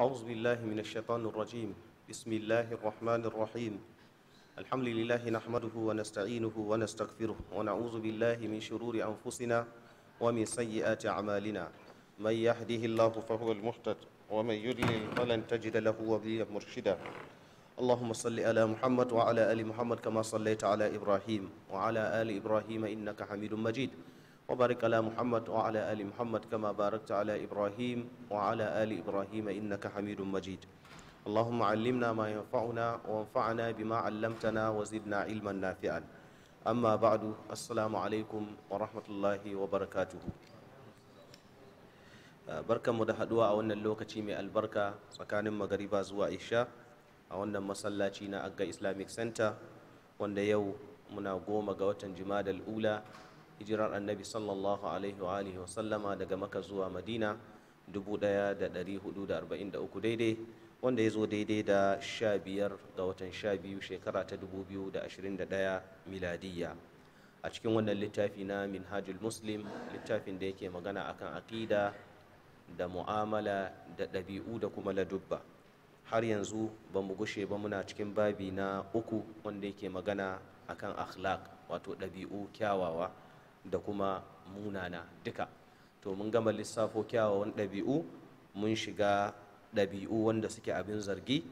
أعوذ بالله من الشيطان الرجيم بسم الله الرحمن الرحيم الحمد لله نحمده ونستعينه ونستغفره ونعوذ بالله من شرور أنفسنا ومن سيئات أعمالنا من يهده الله فهو المهتد ومن يضلل فلن تجد له وليا مرشدا اللهم صل على محمد وعلى آل محمد كما صليت على إبراهيم وعلى آل إبراهيم إنك حميد مجيد وبارك على محمد وعلى آل محمد كما باركت على إبراهيم وعلى آل إبراهيم إنك حميد مجيد اللهم علمنا ما ينفعنا وانفعنا بما علمتنا وزدنا علما نافعا أما بعد السلام عليكم ورحمة الله وبركاته barkanmu da haduwa a wannan lokaci mai albarka tsakanin magariba zuwa isha a wannan masallaci na agga islamic center wanda yau muna goma ga watan jimadal ula hijirar annabi sallallahu alaihi wa alihi daga maka zuwa madina 1443 daidai wanda ya zo daidai da 15 ga watan 12 shekara ta 2021 miladiyya a cikin wannan littafi na minhajul muslim littafin da yake magana akan aƙida da mu'amala da ɗabi'u da kuma ladubba har yanzu ba mu gushe ba muna cikin babi na uku wanda yake magana akan akhlaq wato ɗabi'u kyawawa da kuma munana duka to mun gama lissafo kyawawan ɗabi'u mun shiga ɗabi'u wanda suke abin zargi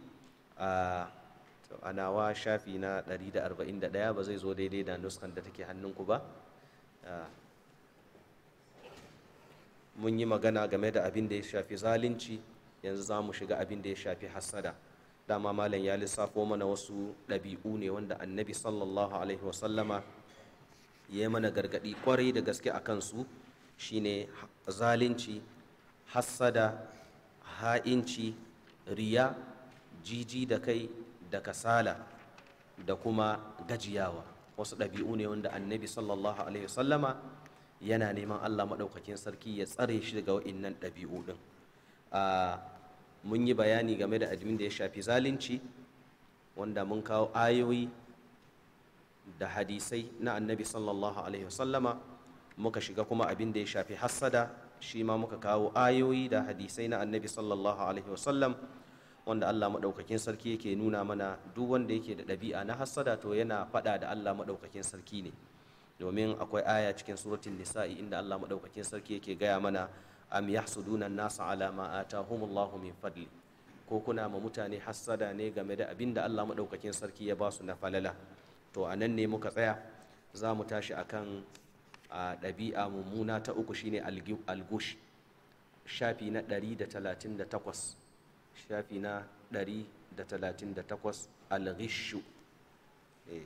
a nawa shafi na 141 ba zai zo daidai da nuskan da take hannunku ba mun yi magana game da abin da ya shafi zalunci yanzu za mu shiga abin da ya shafi hassada dama malam ya lissafo mana wasu ɗabi'u ne wanda annabi sallallahu alaihi wasallama ya yi mana gargaɗi kwarai da gaske a kansu shine zalunci hassada ha'inci riya jiji da kai da kasala da kuma gajiyawa wasu ɗabi'u ne wanda annabi sallallahu alaihi wasallama yana neman allah maɗaukakin sarki ya tsare shi daga wa'innan ɗabi'u ɗin mun yi bayani game da admin da ya shafi zalunci wanda mun kawo ayoyi da hadisai na annabi sallallahu alaihi wasallama muka shiga kuma abin da ya shafi hassada shi ma muka kawo ayoyi da hadisai na annabi sallallahu alaihi wasallam wanda Allah maɗaukakin sarki yake nuna mana duk wanda yake da ɗabi'a na hassada to yana faɗa da Allah maɗaukakin sarki ne domin akwai aya cikin suratul nisa'i inda Allah maɗaukakin sarki yake gaya mana am yahsuduna an-nasa ala ma atahumullahu min fadli ko kuna ma mutane hassada ne game da abin da Allah maɗaukakin sarki ya ba su na falala to a nan ne muka tsaya za mu tashi akan a ɗabi'a mummuna ta uku shine algush shafi na 138 shafi na 138 alghishu eh.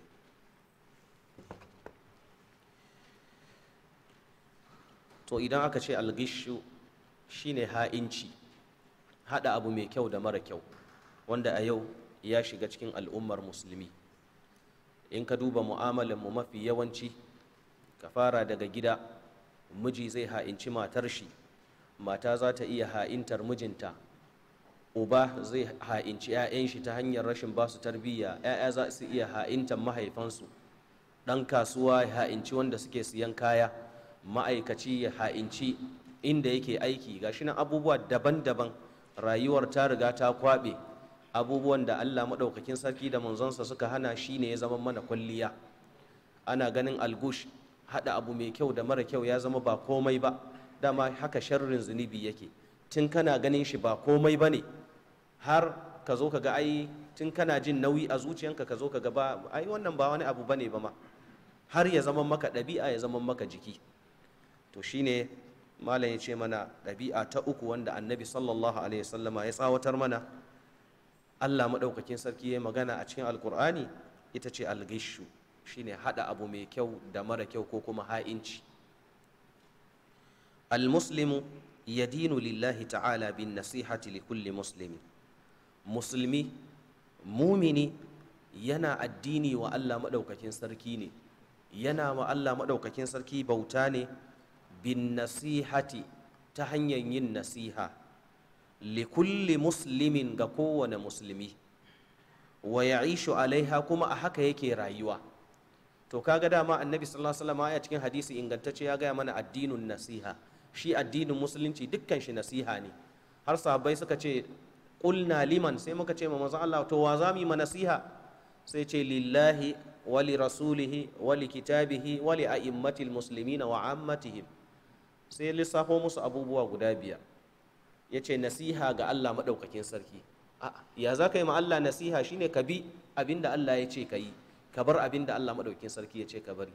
to idan aka ce algishu shine ha'inci hada abu mai kyau da mara kyau wanda a yau ya shiga cikin al'ummar musulmi in ka duba mu'amalinmu mu mafi yawanci ka fara daga gida miji zai ha'inci matar shi mata za ta iya ha'intar mijinta uba zai ha'inci 'ya'yan shi ta hanyar rashin basu tarbiyya 'ya'ya za su iya ha'intar mahaifansu ɗan kasuwa ya ha'inci wanda suke siyan kaya ma'aikaci ya ha'inci inda yake aiki gashi nan abubuwa daban-daban rayuwar ta riga ta kwaɓe abubuwan da Allah maɗaukakin sarki da manzonsa suka hana shi ne ya zama mana kwalliya ana ganin algush haɗa abu mai kyau da mara kyau ya zama ba komai ba dama haka sharrin zunubi yake tun kana ganin shi ba komai ba ne har ka zo ka ga ai tun kana jin nauyi a zuciyanka ka zo ka ga ba ai wannan ba wani abu bane ba ma har ya zama maka ɗabi'a ya zama maka jiki to shine malam ya ce mana ɗabi'a ta uku wanda annabi sallallahu alaihi wasallama ya tsawatar mana Allah maɗaukakin sarki ya magana a cikin alkur'ani ita ce algishu shine haɗa abu mai kyau da mara kyau ko kuma ha'inci almuslimu ya dinu lillahi ta'ala bin nasihati li kulli muslimi musulmi mumini yana addini wa Allah maɗaukakin sarki ne yana wa Allah maɗaukakin sarki bauta ne bin nasihati ta hanyar yin nasiha likulli muslimin ga kowane musulmi wa ishu alaiha kuma a haka yake rayuwa to kaga dama annabi sallallahu alaihi wasallam a cikin hadisi ingantacce ya gaya mana addinin nasiha shi addinin musulunci dukkan shi nasiha ne har sahabbai suka ce qulna liman sai muka ce ma manzon Allah to wa za mu yi nasiha sai ce lillahi wa li rasulihi wa li kitabihi wa li a'immatil muslimina wa ammatihim sai lissafo musu abubuwa guda biyar ya ce nasiha ga Allah maɗaukakin sarki ya za ka yi ma Allah nasiha shine ka bi abin da Allah ya ce ka yi ka bar abin da Allah maɗaukakin sarki ya ce ka bari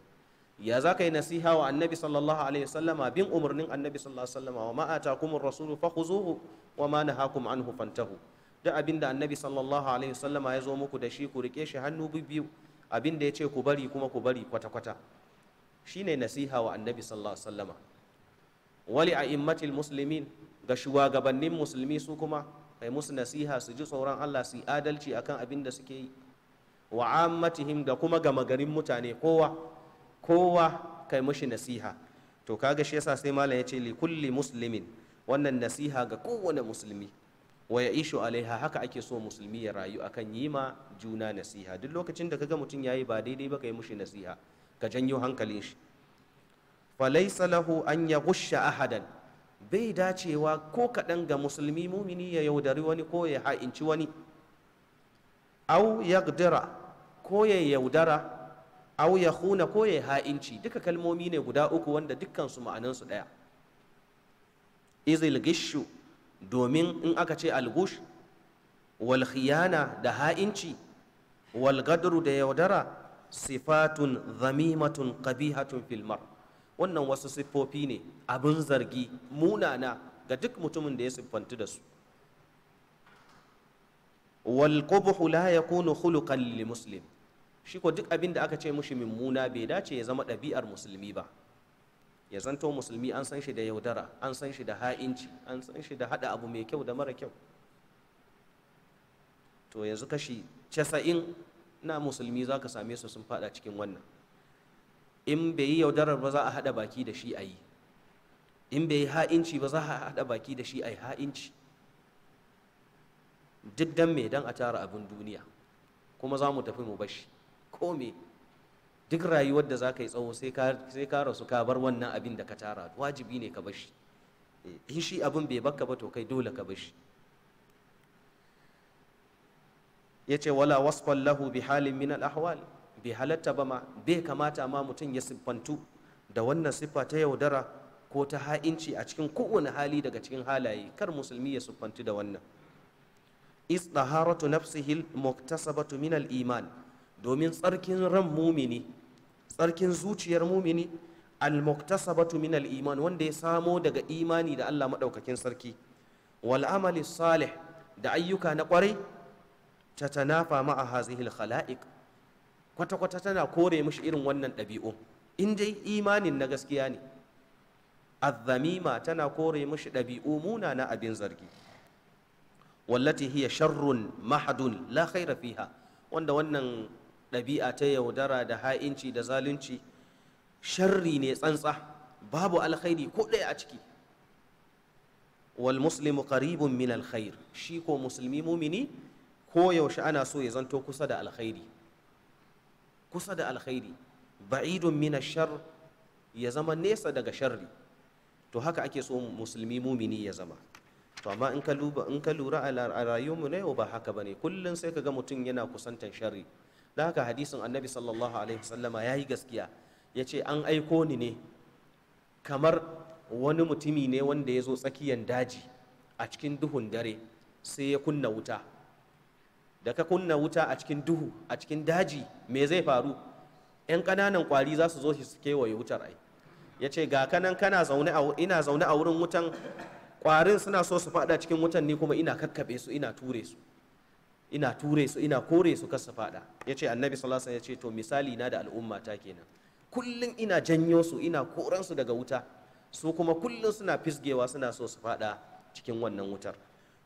ya za ka yi nasiha wa annabi sallallahu alaihi wasallama bin umarnin annabi sallallahu alaihi wasallama wa ma ata atakumur rasulu fakhuzuhu wa ma nahakum anhu fantahu duk abin da annabi sallallahu alaihi wasallama ya zo muku da shi ku rike shi hannu biyu abin da ya ce ku bari kuma ku bari kwata-kwata shine nasiha wa annabi sallallahu alaihi wasallama wali a'immatil muslimin ga shugabannin musulmi su kuma kai musu nasiha su ji tsoron Allah su yi adalci akan abin da suke yi wa ammatihim da kuma gama garin mutane kowa kowa kai mushi nasiha to kaga shi yasa sai malam yace li kulli muslimin wannan nasiha ga kowane musulmi wa ya ishu alaiha haka ake so musulmi ya rayu akan yi ma juna nasiha duk lokacin da kaga mutum yayi ba daidai ba kai mushi nasiha ka janyo hankalin shi falaysa lahu an yaghsha ahadan bai dacewa ko kaɗan ga musulmi mumini ya yaudari wani ko ya ha'inci wani au yaqdira ko ya yaudara au ya huna ko ya ha'inci duka kalmomi ne guda uku wanda dukkansu ma'anansu ɗaya izil gishu domin in aka ce algush wal khiyana da ha'inci wal gadru da yaudara sifatun zamimatun qabihatun fil wannan wasu siffofi ne abin zargi munana ga duk mutumin da ya siffantu da su wal qubhu la ya khuluqan lil muslim shi ko duk abin da aka ce mushi mummuna bai dace ya zama ɗabi'ar musulmi ba ya zanto musulmi an san shi da yaudara an san shi da ha'inci an san shi da haɗa abu mai kyau da mara kyau to yanzu kashi casa'in na musulmi za ka same su sun faɗa cikin wannan in bai yi yaudarar ba za a haɗa baki da shi a yi in bai yi ha'inci ba za a haɗa baki da shi a yi ha'inci duk dan me dan a tara abin duniya kuma za mu tafi mu bashi ko me duk rayuwar da za ka yi tsawo sai ka rasu ka bar wannan abin da ka tara wajibi ne ka bashi eh, in shi abin bai baka ba to kai dole ka bashi ya ce wala wasfan lahu bi halin min al-ahwali bai halatta ba ma bai kamata ma mutum ya siffantu da wannan siffa ta yaudara ko ta ha'inci a cikin kowane hali daga cikin halaye kar musulmi ya siffantu da wannan is taharatu nafsihi muktasabatu min al-iman domin tsarkin ran mumini tsarkin zuciyar mumini al-muktasabatu min iman wanda ya samo daga imani da Allah madaukakin sarki wal amali salih da ayyuka na kwarai tatanafa ma'a hazihi al-khala'iq kwata-kwata tana kore mishi irin wannan ɗabi'u in dai imanin na gaskiya ne azzamima tana kore mishi ɗabi'u muna na abin zargi wallati hiya sharrun mahadun la khaira fiha wanda wannan ɗabi'a ta yaudara da ha'inci da zalunci sharri ne tsantsa babu alkhairi ko ɗaya a ciki wal muslimu qaribun min alkhair shi ko musulmi mumini ko yaushe ana so ya zanto kusa da alkhairi kusa da alkhairi ba'idun mina shar ya zama nesa daga sharri to haka ake so musulmi mumini ya zama to amma in ka lura in ka lura a rayuwarmu ne ba haka bane kullun sai ka ga mutum yana kusantan sharri da haka hadisin annabi sallallahu alaihi wasallama yayi gaskiya yace an aiko ni ne kamar wani mutumi ne wanda ya zo tsakiyan daji a cikin duhun dare sai ya kunna wuta da ka kunna wuta a cikin duhu a cikin daji me zai faru yan ƙananan kwari za su zo su kewaye wutar ai ya ce ga kanan kana zaune a ina zaune a wurin wutan kwarin suna so su faɗa cikin wutan ni kuma ina kakkabe su ina ture su ina ture su ina kore su kar faɗa ya ce annabi sallallahu alaihi ya ce to misali na da al'umma ta kenan kullum ina janyo su ina koran daga wuta su kuma kullun suna fisgewa suna so su faɗa cikin wannan wutar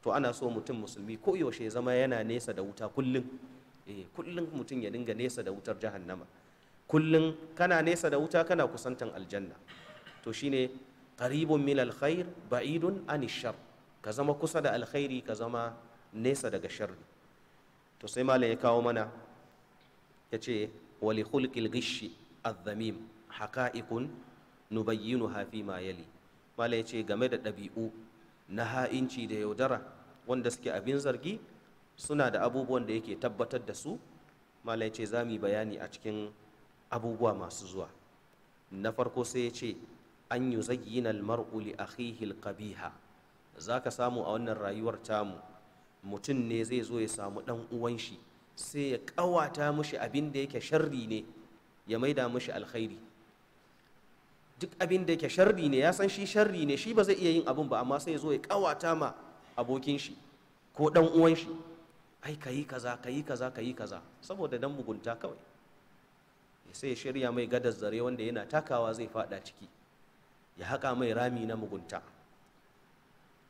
to ana so mutum musulmi ko yaushe zama yana nesa da wuta kullum eh kullum mutum ya dinga nesa da wutar jahannama kullum kana nesa da wuta kana kusantan aljanna to shine qaribun min alkhair ba'idun an shar ka zama kusa da alkhairi ka zama nesa daga sharri to sai malam ya kawo mana yace wali khulqil ghishi adh-dhamim haqa'iqun nubayyinuha fi ma yali malam yace game da ɗabi'u na ha'inci da yaudara wanda suke abin zargi suna da abubuwan da yake tabbatar da su malai ce za mu yi bayani a cikin abubuwa masu zuwa na farko sai ya ce an yi zagiyin almar'u li akhihi kabiha za ka samu a wannan rayuwar tamu mutum ne zai zo ya samu dan uwan shi sai ya kawata mushi abin da yake sharri ne ya maida mushi alkhairi duk abin da yake sharri ne ya san shi sharri ne shi ba zai iya yin abin ba amma sai ya zo ya kawata ma abokin shi ko dan uwan shi ai kayi kaza kayi kaza kayi kaza saboda dan mugunta kawai sai ya shirya mai gadar zare wanda yana takawa zai fada ciki ya haka mai rami na mugunta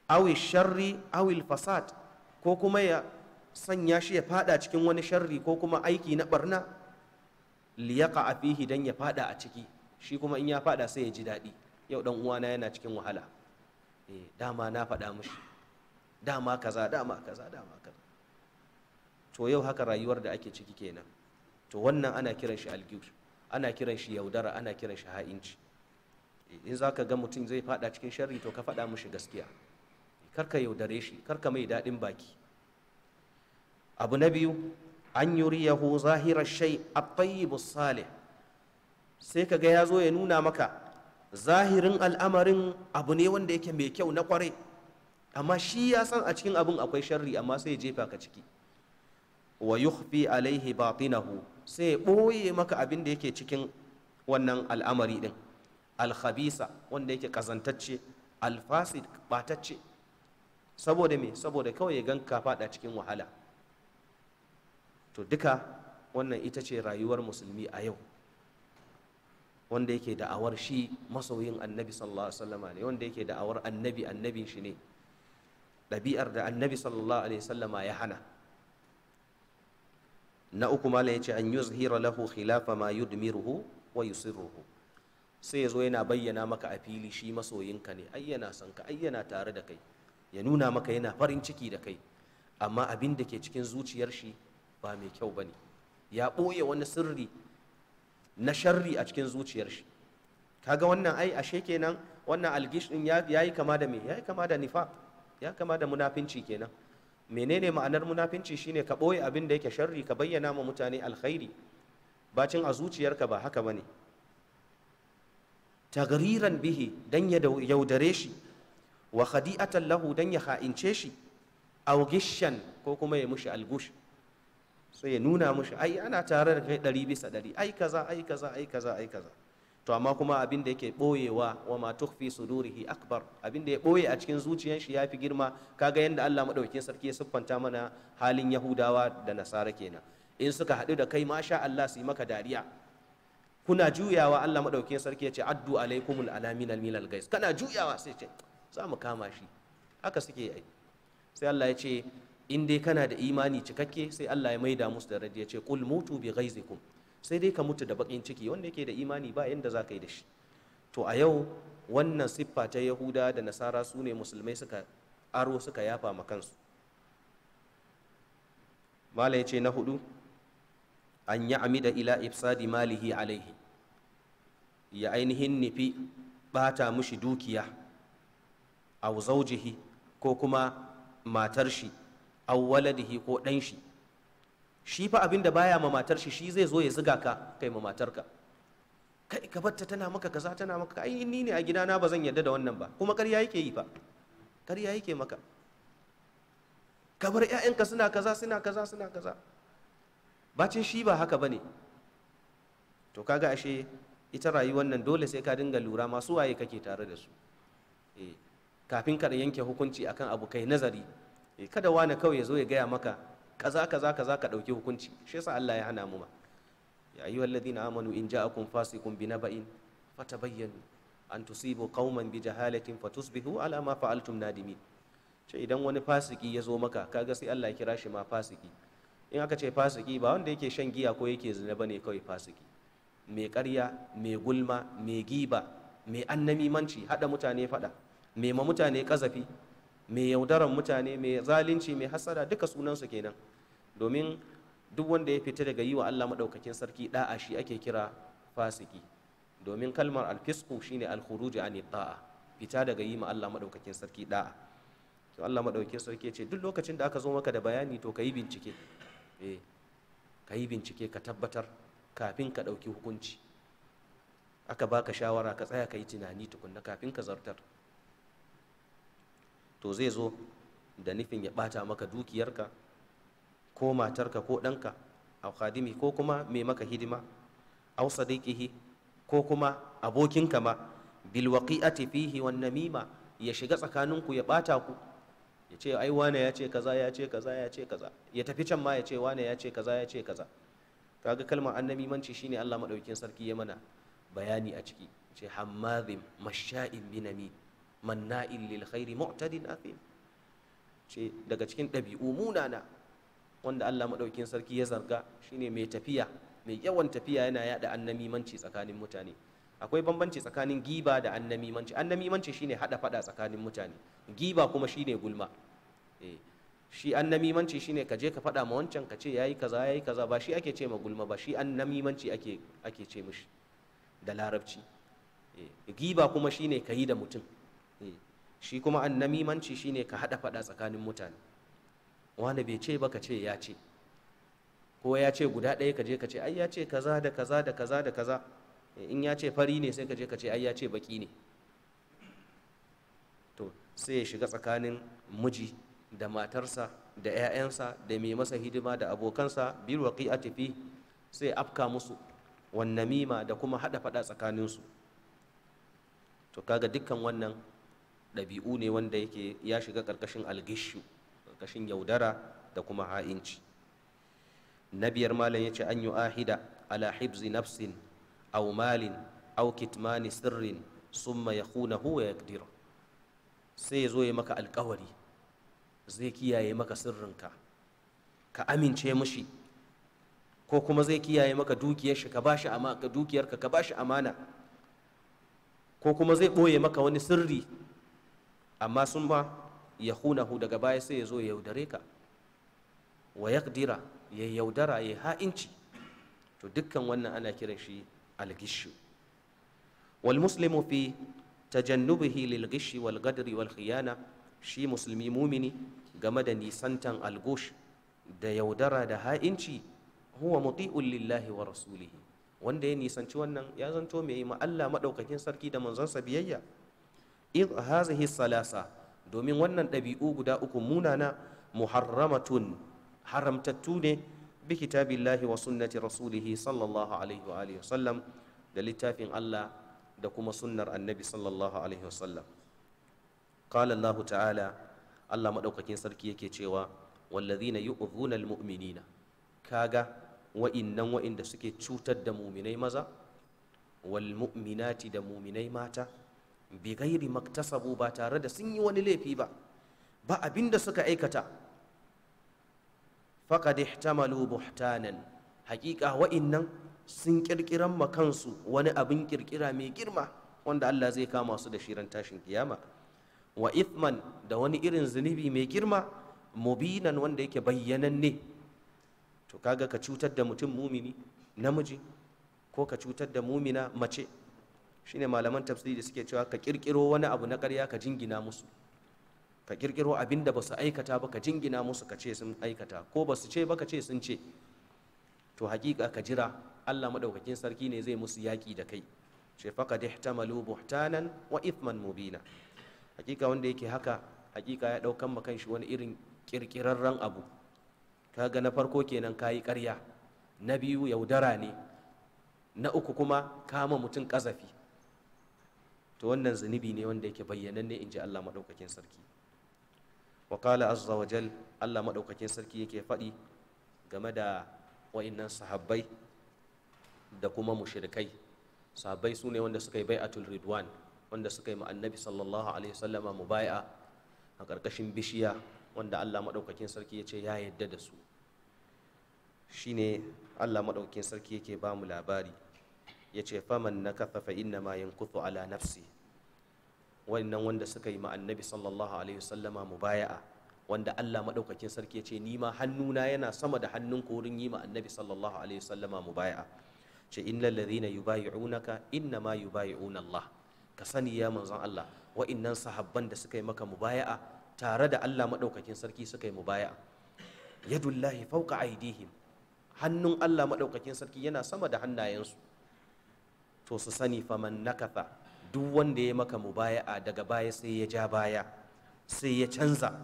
awi sharri awi fasad ko kuma ya sanya shi ya fada cikin wani sharri ko kuma aiki na barna liyaka a fihi dan ya fada a ciki shi kuma in ya faɗa sai ya ji daɗi yau dan uwana yana cikin wahala eh, dama na faɗa mushi dama kaza dama kaza dama kaza to yau haka rayuwar da ake ciki kenan to wannan ana kiran shi algir ana kiran shi yaudara ana kiran shi ha'inci eh, in za ka ga mutum zai faɗa cikin sharri to ka faɗa mushi gaskiya kar ka yaudare shi kar ka mai daɗin baki abu na biyu an yuri yahu zahirar shai a tayyibu salih sai ka ga ya zo ya nuna maka zahirin al'amarin abu ne wanda yake mai kyau na kwarai amma shi ya san a cikin abin akwai sharri amma sai ya jefa ka ciki wa yukhfi alaihi batinahu sai ya ɓoye maka abin da yake cikin wannan al'amari din alkhabisa wanda yake kazantacce alfasid batacce saboda me saboda kawai ya ganka fada cikin wahala to duka wannan ita ce rayuwar musulmi a yau wanda yake da'awar shi masoyin annabi sallallahu alaihi wasallama ne wanda yake da'awar annabi annabin shi ne ɗabi'ar da annabi sallallahu alaihi wasallama ya hana na uku malam yace an yuzhira lahu khilafa ma yudmiruhu wa yusirruhu sai yazo yana bayyana maka a fili shi masoyinka ne ayyana san ka ayyana tare da kai ya nuna maka yana farin ciki da kai amma abin da ke cikin zuciyar shi ba mai kyau bane ya ɓoye wani sirri na sharri a cikin zuciyar shi kaga wannan ai ashe kenan wannan algish din yayi kama da me yayi kama da nifaq ya kama da munafinci kenan menene ma'anar munafinci shine ka ɓoye abin da yake sharri ka bayyana ma mutane alkhairi bacin a zuciyarka ba haka bane tagriran bihi dan ya yaudare shi wa khadi'atan lahu dan ya ha'ince shi aw gishan ko kuma ya mushi algush sai ya nuna mushi ai ana tare da kai ɗari bisa ɗari ai kaza ai kaza ai kaza ai kaza to amma kuma abin da yake ɓoyewa wa ma tukfi sudurihi akbar abin da ya ɓoye a cikin zuciyar shi yafi girma kaga yadda Allah madaukakin sarki ya siffanta mana halin Yahudawa da Nasara kenan in suka haɗu da kai masha Allah su yi maka dariya kuna juyawa Allah madaukakin sarki ya ce addu alaikumul alamin almilal gais kana juyawa sai ce za mu kama shi haka suke yi sai Allah ya ce in dai kana da imani cikakke sai Allah ya maida musu da radi ya ce qul mutu bi ghaizikum sai dai ka mutu da bakin ciki wanda yake da imani ba yanda za ka yi da shi to a yau wannan siffa ta yahuda da nasara su ne musulmai suka aro suka yafa ma kansu mala ya ce na hudu an yi amida ila ifsadi malihi alaihi ya ainihin nufi bata mushi dukiya a zaujihi ko kuma matar shi awwaladihi ko ɗan shi shi fa abin da baya ma matar shi shi zai zo ya ziga ka kai ma matarka kai ka batta tana maka kaza tana maka ai ni ne a na ba zan yarda da wannan ba kuma ƙarya yake yi fa ƙarya yake maka kabar ƴaƴanka suna kaza suna kaza suna kaza bacin shi ba haka bane to kaga ashe ita rayuwar nan dole sai ka dinga lura masu waye kake tare da su eh, kafin ka yanke hukunci akan abu kai nazari Eh, kada wani kawai ya zo ya gaya maka kaza kaza kaza ka ɗauki hukunci shi yasa Allah ya hana mu ma ya ayyuhal ladina amanu in ja'akum fasiqun binaba'in fatabayyanu an tusibu qauman bi jahalatin fatusbihu ala ma fa'altum nadimin ce idan wani fasiki ya zo maka kaga sai Allah ya kira shi ma fasiki in aka ce fasiki ba wanda yake shan giya ko yake zina bane kawai fasiki mai ƙarya mai gulma mai giba mai annamimanci hada mutane fada mai ma mutane kazafi mai yaudaran mutane mai zalunci mai hasada duka sunansu kenan domin duk wanda ya fita daga yi wa Allah maɗaukakin sarki ɗa'a shi ake kira fasiki domin kalmar alfisku shine alkhuruj an da'a fita daga yi ma Allah maɗaukakin sarki ɗa'a. to Allah maɗaukakin sarki ce duk lokacin da aka zo maka da bayani to ka yi bincike eh ka yi bincike ka tabbatar kafin ka ɗauki hukunci aka baka shawara ka tsaya ka yi tunani tukunna kafin ka zartar to zai zo da nufin ya ɓata maka dukiyarka ko matarka ko ɗanka a khadimi ko kuma mai maka hidima au sadiqihi ko kuma abokinka ma bil waqi'ati fihi wan namima ya shiga tsakaninku ya ɓata ku ya ce ai wane ya ce kaza ya ce kaza ya ce kaza ya tafi can ma ya ce wane ya ce kaza ya ce kaza kaga kalmar annabi manci shine Allah madaukin sarki ya mana bayani a ciki ce hammazim masha'in binami manna'il lil khairi mu'tadin athim ce daga cikin ɗabi'u munana wanda Allah maɗaukin sarki ya zarga shine mai tafiya mai yawan tafiya yana yada annamimanci tsakanin mutane akwai bambanci tsakanin giba da annamimanci annamimanci shine hada fada tsakanin mutane giba kuma shine gulma eh shi annamimanci shine ka je ka fada ma wancan ka ce yayi kaza yayi kaza ba shi ake ce ma gulma ba shi annamimanci ake ake ce mishi da larabci eh giba kuma shine kayi da mutum Hmm. shi kuma annamimanci shine ka hada fada tsakanin mutane wani bai ce ba ka ce ya ce ko ya ce guda ɗaya ka je ka ce ai ya ce kaza da kaza da kaza da kaza eh, in ya ce fari ne sai ka je ka ce ai ya ce baki ne to sai ya shiga tsakanin miji da matarsa da 'ya'yansa da mai masa hidima da abokansa waƙi a tafi sai afka musu wannan namima da kuma hada fada tsakaninsu to kaga dukkan wannan ɗabi'u ne wanda yake ya shiga ƙarƙashin algishu ƙarƙashin yaudara da kuma ha'inci na biyar malam ya ce an yi ahida ala hibzi nafsin aw malin aw kitmani sirrin summa yakhunahu wa yaqdira sai ya zo ya maka alƙawari zai kiyaye maka sirrinka ka amince mushi ko kuma zai kiyaye maka dukiyarka ka bashi shi dukiyarka ka bashi amana ko kuma zai ɓoye maka wani sirri amma sun ba ya hunahu daga baya sai ya zo ya yaudare ka wa yaqdira ya yaudara ya ha'inci to dukkan wannan ana kiran shi algishu wal muslimu fi tajannubihi lil gishi wal gadri wal khiyana shi musulmi mumini game da nisantan algush da yaudara da ha'inci huwa muti'un lillahi wa rasulihi wanda ya nisanci wannan ya zanto mai ma Allah madaukakin sarki da manzansa biyayya id hazihi salasa domin wannan ɗabi'u guda uku munana muharramatun haramtattu ne bi kitabillahi wa sunnati rasulihi sallallahu alaihi wa alihi wasallam da littafin Allah da kuma sunnar annabi sallallahu alaihi wasallam qala Allah ta'ala Allah madaukakin sarki yake cewa wallazina yu'dhuna almu'minina kaga wa'innan wa'inda suke cutar da muminai maza wal mu'minati da muminai mata bi gairi maktasabu ba tare da sun yi wani laifi ba ba abin da suka aikata faqad ihtamalu buhtanan haƙiƙa innan sun kirkiran ma kansu wani abin kirkira mai girma wanda Allah zai kama su da shirin tashin kiyama wa ithman da wani irin zunubi mai girma mubinan wanda yake ne to kaga ka cutar da mutum mumini namiji ko ka cutar da mumina mace shine malaman tafsiri suke cewa ka kirkiro wani abu na ƙarya ka jingina musu ka kirkiro abin da ba su aikata ba ka jingina musu ka ce sun aikata ko ba su ce ba ka ce sun ce to hakika ka jira Allah madaukakin sarki ne zai musu yaƙi da kai ce faqad ihtamalu buhtanan wa ithman mubina hakika wanda yake haka hakika ya daukan makan shi wani irin kirkirarren abu kaga na farko kenan kayi ƙarya na biyu yaudara ne na uku kuma kama mutum ƙazafi to wannan zunubi ne wanda yake bayyananne in ji Allah maɗaukakin sarki wa qala azza wa jal Allah maɗaukakin sarki yake faɗi game da wa'innan sahabbai da kuma mushrikai sahabbai su ne wanda suka yi bai'atul ridwan wanda suka yi ma annabi sallallahu alaihi wasallama mubai'a a ƙarƙashin bishiya wanda Allah maɗaukakin sarki ya ce ya yadda da su shine Allah maɗaukakin sarki yake ba mu labari ya ce faman na kafa fa inna ma yankutu ala nafsi wannan wanda suka yi ma annabi sallallahu alaihi wasallama mubaya'a wanda Allah maɗaukakin sarki ya ce ni ma hannuna yana sama da hannun wurin yi ma annabi sallallahu alaihi wasallama mubaya'a ce innal ladhina yubayi'unaka inna ma yubayi'una Allah ka sani ya manzon Allah wa'innan sahabban da suka yi maka mubaya'a tare da Allah maɗaukakin sarki suka yi mubaya'a yadullahi fauka aidihim hannun Allah maɗaukakin sarki yana sama da hannayensu to su sani faman nakafa duk wanda ya maka mubaya'a daga baya sai ya ja baya sai ya canza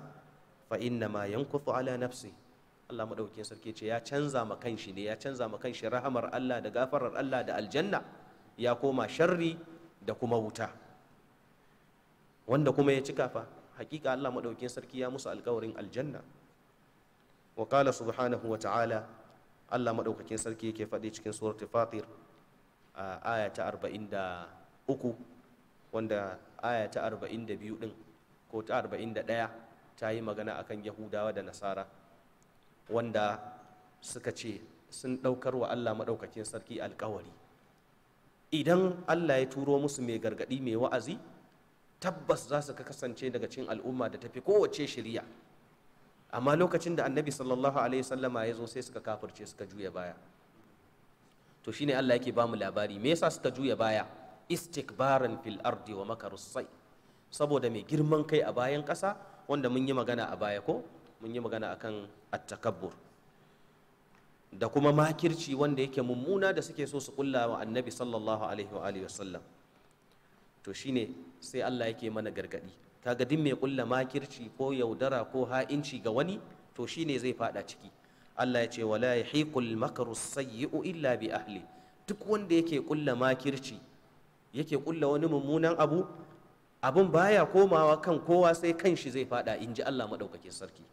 fa inna ma yankuthu ala nafsi Allah madaukakin sarki ce ya canza ma kanshi ne ya canza ma kanshi rahamar Allah da gafarar Allah da aljanna ya koma sharri da kuma wuta wanda kuma ya cika fa haƙiƙa Allah madaukakin sarki ya musu alkawarin aljanna wa qala subhanahu wa ta'ala Allah madaukakin sarki yake faɗi cikin suratul fatir aya ta 43 wanda aya ta 42 din ko ta 41 ta yi magana akan yahudawa da nasara wanda suka ce sun ɗaukar wa allah maɗaukakin sarki alkawari idan allah ya turo musu mai gargaɗi mai wa'azi tabbas za su kasance daga cikin al'umma da tafi kowace shirya amma lokacin da annabi sallallahu alaihi sallama ya zo sai suka kafirce suka juya baya to shine Allah yake mu labari me yasa suka juya baya istikbaran fil ardi wa makarus sai saboda mai girman kai a bayan kasa wanda mun yi magana a baya ko mun yi magana akan attakabbur da kuma makirci wanda yake mummuna da suke so su kulla wa annabi sallallahu alaihi wa alihi wasallam to shine sai Allah yake mana gargadi kaga din mai kulla makirci ko yaudara ko ha'inci ga wani to shine zai fada ciki Allah ya ce wala yahiqul makru sayyi'u illa bi ahli duk wanda yake kulla makirci yake kulla wani mummunan abu abun baya komawa kan kowa sai kan shi zai fada in ji Allah madaukakin sarki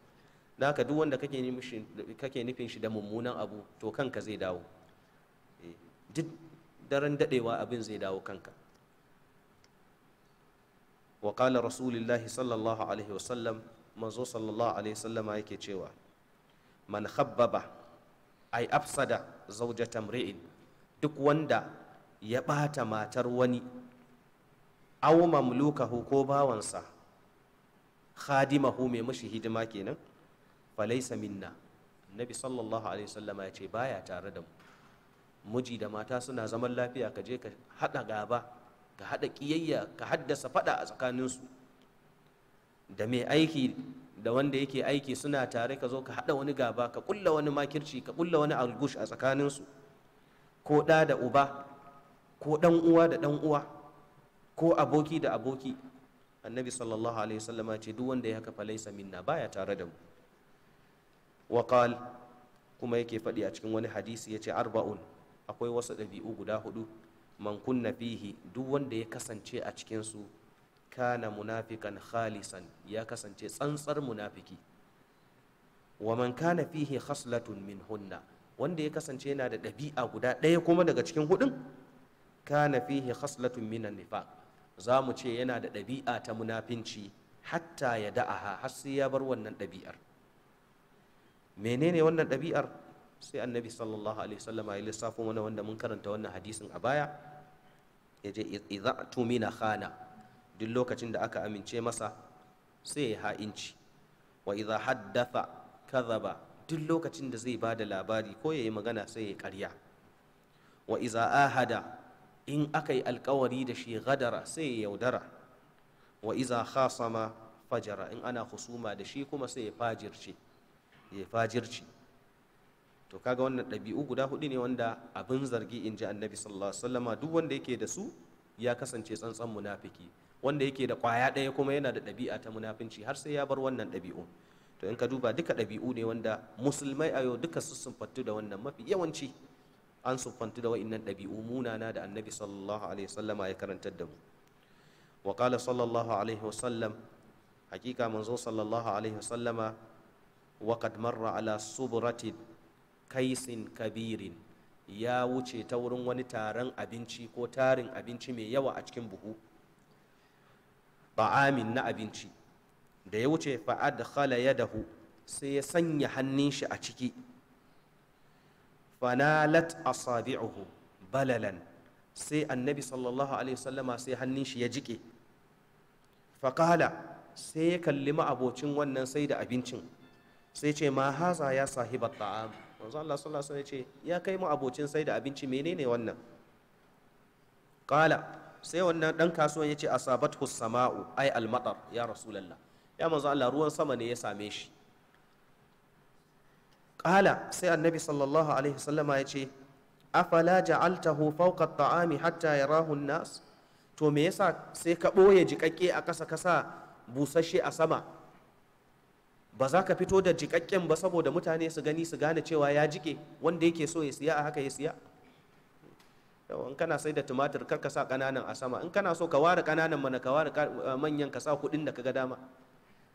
da haka duk wanda kake nufin shi da mummunan abu to kanka zai dawo eh, duk daren dadewa abin zai dawo kanka wa qala rasulullahi sallallahu alaihi wasallam manzo sallallahu alaihi wasallama yake cewa man khabbaba ay afsada zawjata mri'in duk wanda ya ɓata matar wani aw mamlukahu ko bawansa khadimahu mai mashi hidima kenan falaysa minna annabi sallallahu alaihi wasallama ya ce baya tare da mu miji da mata suna zaman lafiya ka je ka hada gaba ka hada kiyayya ka haddasa fada a tsakaninsu da mai aiki da wanda yake aiki suna tare ka zo ka haɗa wani gaba ka kulla wani makirci ka kulla wani algush a tsakaninsu ko ɗa da uba ko ɗan uwa da ɗan uwa ko aboki da aboki annabi sallallahu alaihi wasallama ce duk wanda ya haka falaisa minna baya tare da mu qal kuma yake faɗi a cikin wani hadisi ya ce arba'un akwai wasu ɗabi'u guda hudu man kunna fihi duk wanda ya kasance a cikin su kana munafikan khalisan ya kasance tsantsar munafiki wa man kana fihi khaslatun min hunna wanda ya kasance yana da ɗabi'a guda ɗaya kuma daga cikin hudun kana fihi khaslatun min nifaq za mu ce yana da ɗabi'a ta munafinci hatta ya da'aha har sai ya bar wannan ɗabi'ar menene wannan ɗabi'ar sai annabi sallallahu alaihi wasallam ya lissafo mana wanda mun karanta wannan hadisin a baya yaje idza tumina khana duk lokacin da aka amince masa sai ya ha'inci wa idza haddatha kadhaba duk lokacin da zai bada labari ko yayi magana sai ya karya wa idza ahada in aka yi alkawari da shi gadara sai ya yaudara wa iza khasama fajara in ana husuma da shi kuma sai ya fajirce ya fajirci to kaga wannan ɗabi'u guda hudu ne wanda abin zargi in ji annabi sallallahu alaihi wasallama duk wanda yake da su ya kasance tsantsan munafiki wanda yake da kwaya ɗaya kuma yana da ɗabi'a ta munafinci har sai ya bar wannan ɗabi'u to in ka duba duka ɗabi'u ne wanda musulmai a yau duka su sumfantu da wannan mafi yawanci an sumfantu da wa'innan ɗabi'u munana da annabi sallallahu alaihi wasallam ya karantar da mu wa qala sallallahu alaihi wasallam hakika manzo sallallahu alaihi wasallam wa qad marra ala subrati kaisin kabirin ya wuce ta wurin wani taron abinci ko tarin abinci mai yawa a cikin buhu ta'amin na abinci da ya wuce fa'ad fa'adkhala yadahu sai ya sanya hannun shi a ciki fanalat asabi'uhu balalan sai annabi sallallahu alaihi wasallama sai hannun shi ya jike faƙala sai ya kalli ma'abocin wannan sai da abincin sai ce ma haza ya sahiba ta'am manzo Allah sallallahu alaihi wasallam ya ce ya kai ma'abocin sai da abinci menene wannan qala sai wannan dan kasuwan ya ce asabathu sama'u ai al ya rasulullah ya manzo Allah ruwan sama ne ya same shi qala sai annabi sallallahu alaihi sallama ya ce afala ja'altahu fawqa at hatta yarahu an-nas to me yasa sai ka boye jikakke a kasa kasa busasshe a sama ba za ka fito da jikakken ba saboda mutane su gani su gane cewa ya jike wanda yake so ya siya a haka ya siya in kana sai da tumatir kar ka sa kananan a sama in kana so ka ware kananan mana ka ware eh, manyan ka sa kudin da ka ga dama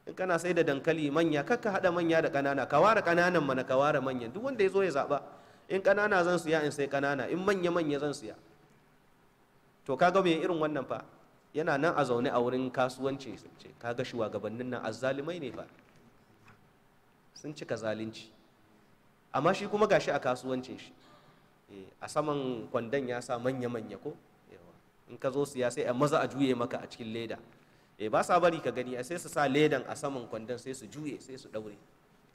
in kana sai da dankali manya kar ka manya da kanana ka ware kananan mana ka ware manyan duk wanda ya zo ya zaba in kanana zan siya in sai kanana in manya manya zan siya to kaga me irin wannan fa yana nan a zaune a wurin kasuwanci sun ce kaga shugabannin nan azzalimai ne fa sun cika zalunci amma shi kuma gashi a kasuwancin shi Eh, a saman kwandon ya sa manya-manya ko in ka zo siya sai a maza a juye maka a cikin leda e ba sa bari ka gani sai su sa ledan a saman kwandon sai su juye sai su daure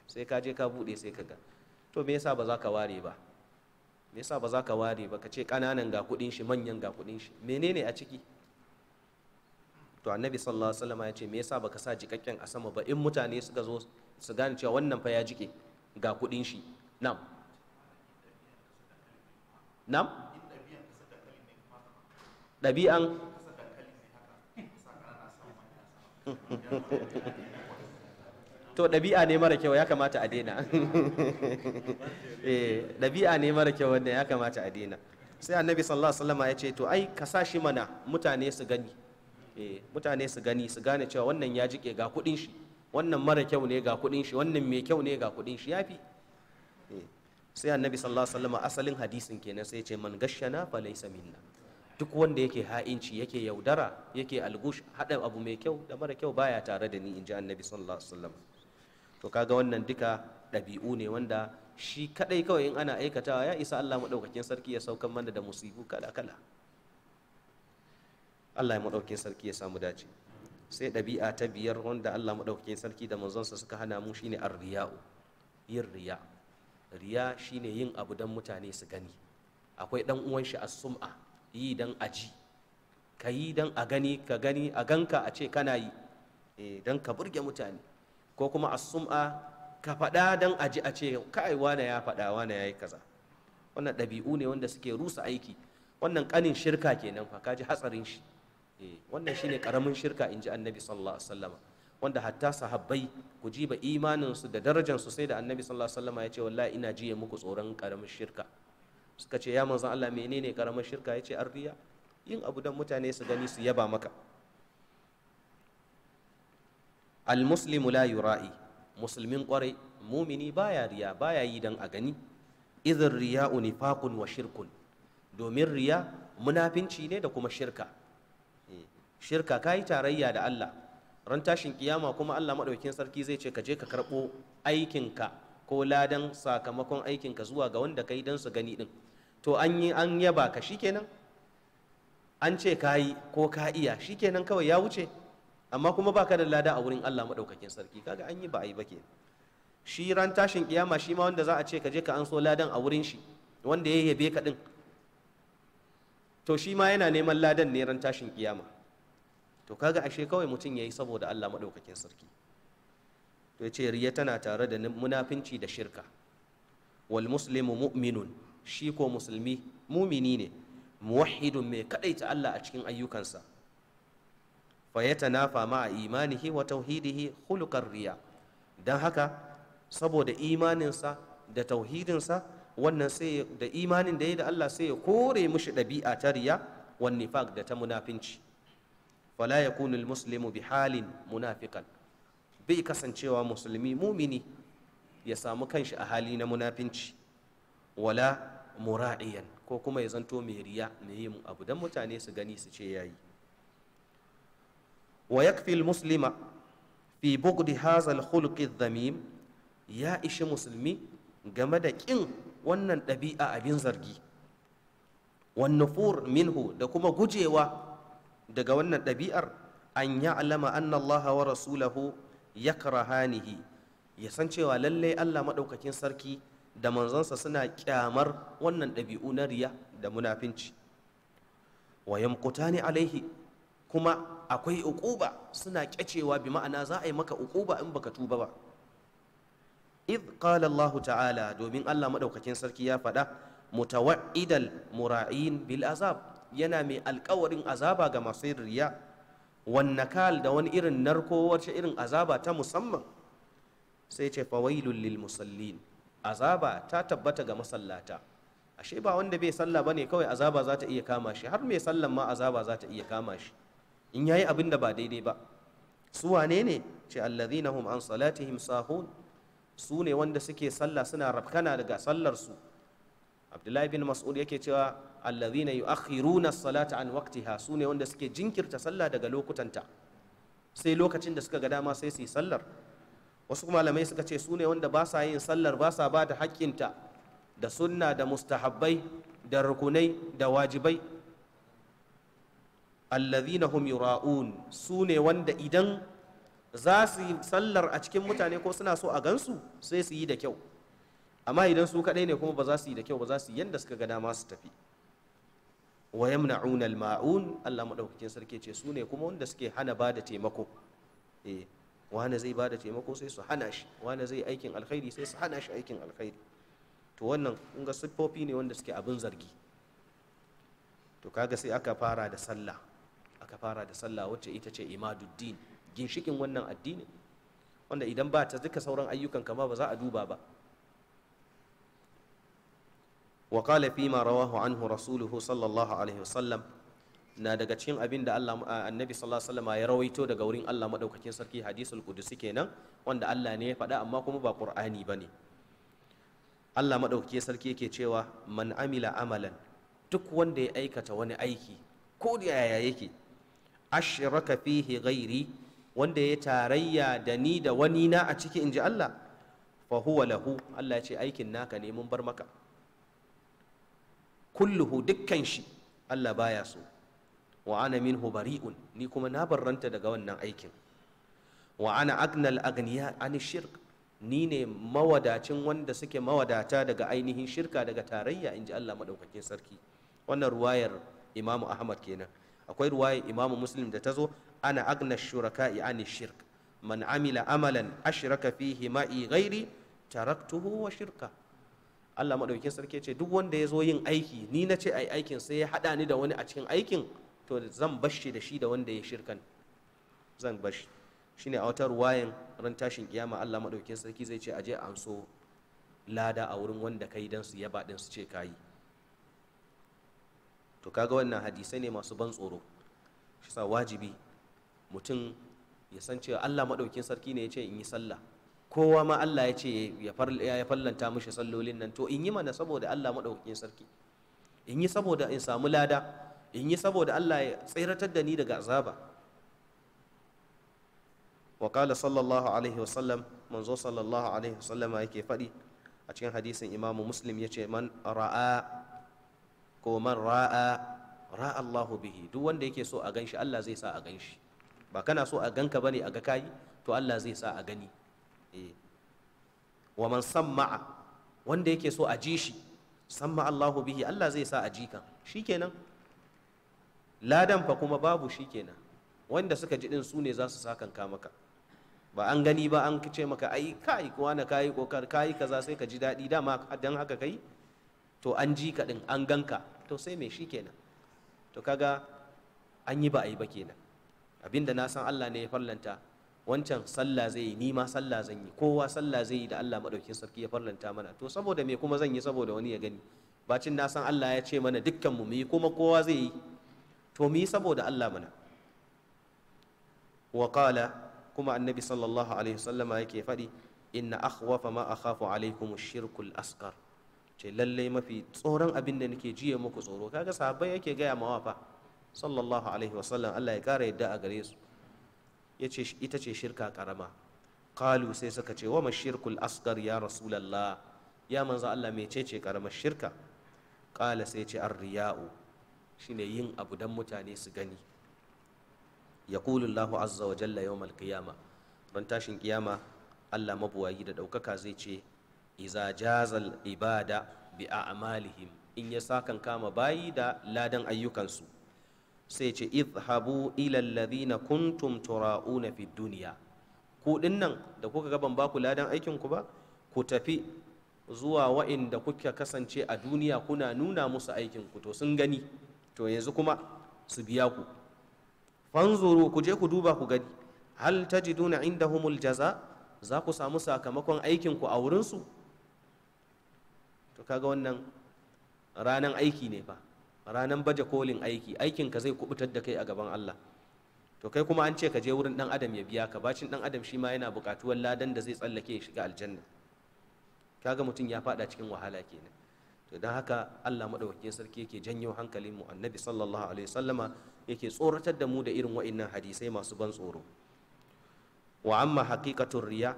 sai ka je ka bude sai ka ga to me yasa ba za ka ware ba me yasa ba za ka ware ba ka ce kananan ga kudin shi manyan ga kudin shi menene a ciki to annabi sallallahu alaihi wasallam ya ce me yasa baka sa jikakken a sama ba in mutane suka zo su gane cewa wannan fa ya jike ga kudin shi na'am nam ɗabi'an to ɗabi'a ne mara kyau ya kamata a daina ɗabi'a eh, ne mara kyau wanda ya kamata a daina sai annabi sallallahu alaihi wasallam ya ce to ai ka sa shi mana mutane su gani eh, mutane su gani su gane cewa wannan ya jike ga kuɗin shi wannan mara kyau ne ga kuɗin shi wannan mai kyau ne ga kuɗin shi yafi fi sai annabi sallallahu alaihi wasallam asalin hadisin kenan sai ya ce man gashana fa laysa minna duk wanda yake ha'inci yake yaudara yake algush hada abu mai kyau da mara kyau baya tare da ni inji annabi sallallahu alaihi wasallam to kaga wannan duka ɗabi'u ne wanda shi kadai kawai in ana aikatawa ya isa Allah madaukakin sarki ya saukan mana da musibu kala kala Allah ya madaukakin sarki ya samu dace sai ɗabi'a ta biyar wanda Allah madaukakin sarki da sa suka hana mu shine arriya'u yin riya' riya shine yin abu don mutane su gani akwai dan uwan shi as-sum'a yi dan aji ka yi dan a gani ka gani a ganka a ce kana yi eh, don dan ka burge mutane ko kuma a suma ka faɗa dan aji a ce kai wane ya faɗa wane yi kaza wannan ɗabi'u ne wanda suke rusa aiki wannan kanin shirka kenan fa kaji hatsarin shi eh, wannan shine karamin shirka in ji annabi sallallahu alaihi wasallam wanda hatta sahabbai ku jiba imaninsu da darajansu sai da annabi sallallahu alaihi ya ce wallahi ina jiye muku tsoron karamin shirka suka ce ya manzon Allah menene karamin shirka ya ce arriya yin abu don mutane su gani su yaba maka almuslimu la yura'i musulmin kwarai mumini baya riya baya yi dan a gani idhin riya'u nifaqun wa shirkun domin riya munafinci ne da kuma shirka shirka kayi tarayya da Allah ran tashin kiyama kuma Allah maɗaukin sarki zai ce ka je ka karɓo aikinka ko ladan sakamakon aikinka zuwa ga wanda kai don su gani ɗin to an yi an yaba ka shikenan an ce ka yi ko ka iya shikenan kawai ya wuce amma kuma baka da lada a wurin Allah maɗaukakin sarki kaga an yi ba a yi ba ke shi ran tashin kiyama shi ma wanda za a ce ka je ka anso ladan a wurin shi wanda ya yabe ka ɗin to shi ma yana neman ladan ne ran tashin kiyama to kaga ashe kawai mutum yayi saboda Allah maɗaukakin sarki to yace riya tana tare da munafinci da shirka wal muslimu mu'minun shi ko musulmi mumini ne muwahhidun mai ta Allah a cikin ayyukansa fa yatanafa ma'a imanihi wa tauhidihi khuluqar riya Don haka saboda imaninsa da tauhidinsa wannan sai da imanin da ya da Allah sai ya kore mushi ɗabi'a ta riya wan fak da ta munafinci fala yakunu muslimu bi halin munafiqan bai kasancewa musulmi mumini ya samu kanshi a hali na munafinci wala mura'iyan ko kuma ya zanto mai riya mai yin abu dan mutane su gani su ce yayi wa yakfi muslima fi bugdi hadha alkhuluq adh-dhamim ya ishi musulmi game da kin wannan ɗabi'a abin zargi wan nufur minhu da kuma gujewa daga wannan ɗabi'ar an ya'lama anna Allah wa rasulahu yakrahanihi ya san cewa lallai Allah maɗaukakin sarki da manzansa suna kyamar wannan ɗabi'u na riya da munafinci wa yamqutani alaihi kuma akwai uquba suna kyacewa bi ma'ana za a yi maka uquba in baka tuba ba id qala Allah ta'ala domin Allah maɗaukakin sarki ya faɗa mutawa'idal mura'in bil azab yana mai alkawarin azaba ga masu riya wan nakal da wani irin narko wacce irin azaba ta musamman sai ce fawailul lil musallin azaba ta tabbata ga masallata ashe ba wanda bai sallah bane kawai azaba za ta iya kama shi har mai sallan ma azaba za ta iya kama shi in yayi abin da ba daidai ba su wane ne ce allazina hum an salatihim sahun su ne wanda suke sallah suna rafkana daga sallar su abdullahi bin mas'ud yake cewa alladhina yu'akhiruna as-salata an waqtiha sune wanda suke jinkirta sallah daga lokutanta sai lokacin da suka ga dama sai su yi sallar wasu malamai suka ce sune wanda ba sa yin sallar ba sa ba da haƙƙinta da sunna da mustahabbai da rukunai da wajibai alladhina hum yura'un sune wanda idan za su yi sallar a cikin mutane ko suna so a gansu sai su yi da kyau amma idan su kaɗai ne kuma ba za su yi da kyau ba za su yi yadda suka ga dama su tafi wa yamna'una al-ma'un Allah madaukakin sarki ce su ne kuma wanda suke hana bada taimako eh wani zai bada taimako sai su hana shi wani zai aikin alkhairi sai su hana shi aikin alkhairi to wannan kun ga siffofi ne wanda suke abin zargi to kaga sai aka fara da sallah aka fara da sallah wacce ita ce imaduddin ginshikin wannan addinin wanda idan ba ta duka sauran ayyukan kama ba za a duba ba وقال فيما رواه عنه رسوله صلى الله عليه وسلم na daga cikin abin da Allah annabi sallallahu alaihi wasallam ya rawaito daga wurin Allah madaukakin sarki hadisul qudusi kenan wanda Allah ne ya faɗa amma kuma ba qur'ani bane Allah madaukakin sarki yake cewa man amila amalan duk wanda ya aikata wani aiki ko da yaya yake ashraka fihi ghairi wanda ya tarayya da ni da wani na a ciki inji Allah fa huwa lahu Allah ya ce aikin naka ne mun bar maka kulluhu dukkan shi Allah baya so wa ana minhu bari'un ni kuma na barranta daga wannan aikin wa ana agnal agniya an shirk ni ne mawadacin wanda suke mawadata daga ainihin shirka daga tarayya inji Allah madaukakin sarki wannan ruwayar Imam Ahmad kenan akwai ruwayar Imam Muslim da ta zo ana agna shuraka'i an shirk man amila amalan ashraka fihi ma'i ghairi taraktuhu wa shirka Allah madaukakin sarki ce duk wanda ya zo yin aiki ni na ce ai aikin sai ya haɗa ni da wani a cikin aikin to zan bashi da shi da wanda ya shirkan zan bashi shine a wata ruwayan ran tashin kiyama Allah maɗaukin sarki zai ce aje an so lada a wurin wanda kai dan su yaba din su ce kayi to kaga wannan hadisai ne masu ban tsoro shi sa wajibi mutum ya san cewa Allah maɗaukin sarki ne ya ce in yi sallah kowa ma Allah ya ce ya fallanta mishi sallolin nan to in yi mana saboda Allah maɗaukakin sarki in yi saboda in samu lada in yi saboda Allah ya tsiratar da ni daga azaba wa qala sallallahu alaihi wa sallam manzo sallallahu alaihi wa sallama yake faɗi a cikin hadisin imamu muslim yace man ra'a ko man ra'a ra'a Allahu bihi duk wanda yake so a ganshi Allah zai sa a ganshi ba kana so a ganka bane a ga kayi to Allah zai sa a gani Eh. wa man samma'a wanda yake so a ji shi samma Allahu bihi Allah zai sa a ji kan shikenan ladan fa kuma babu shikenan wanda suka ji din su ne za su sakan ka maka ba an gani ba an ce maka ai kai kuwa na kai kokar kai kaza sai ka ji daɗi dama dan haka kai to an ji ka din an ganka to sai me shikenan to kaga an yi ba ai ba kenan abinda na san Allah ne ya fallanta wancan sallah zai yi ni ma sallah zan yi kowa sallah zai yi da Allah madaukin sarki ya farlanta mana to saboda me kuma zan yi saboda wani ya gani bacin na san Allah ya ce mana dukkan mu yi kuma kowa zai yi to mu yi saboda Allah mana wa qala kuma annabi sallallahu alaihi wasallama yake faɗi inna akhwafa ma akhafu alaikum shirkul asghar ce lallai mafi tsoron abin da nake jiya muku tsoro kaga sahabbai yake gaya mawa fa sallallahu alaihi wasallam Allah ya kara yadda a gare su ce ita ce shirka karama Kalu sai suka ce wa mashirkul asgar ya rasulallah ya manzo Allah ce karamar shirka kala sai ce arriya'u riyau shine yin abu dan mutane su gani yaqulu Allahu azza wa jalla yau Malkiyama ran tashin kiyama Allah mabuwayi da ɗaukaka zai ce iza jazal ibada bi a'malihim in ya sa sakan kama bayi da ladan ayyukansu sai ce izhabu ila alladhina kuntum tura'una fid dunya ku dinnan da kuka ga ban ba ku ladan aikin ku ba ku tafi zuwa wa'inda kuka kasance a duniya kuna nuna musu aikin ku to sun gani to yanzu kuma su biya ku fanzuru ku je ku duba ku gani hal tajiduna indahumul jaza za ku samu sakamakon aikin ku a wurin su to kaga wannan ranan aiki ne fa ranar baje kolin aiki aikin ka zai kubutar da kai a gaban Allah to kai kuma an ce ka je wurin dan adam ya biya ka bacin dan adam shi ma yana buƙatuwar ladan da zai tsallake ya shiga aljanna kaga mutum ya fada cikin wahala kenan to don haka Allah madaukakin sarki yake janyo hankalin mu annabi sallallahu alaihi wasallama yake tsoratar da mu da irin wa'annan hadisai masu ban tsoro wa amma haqiqatur riya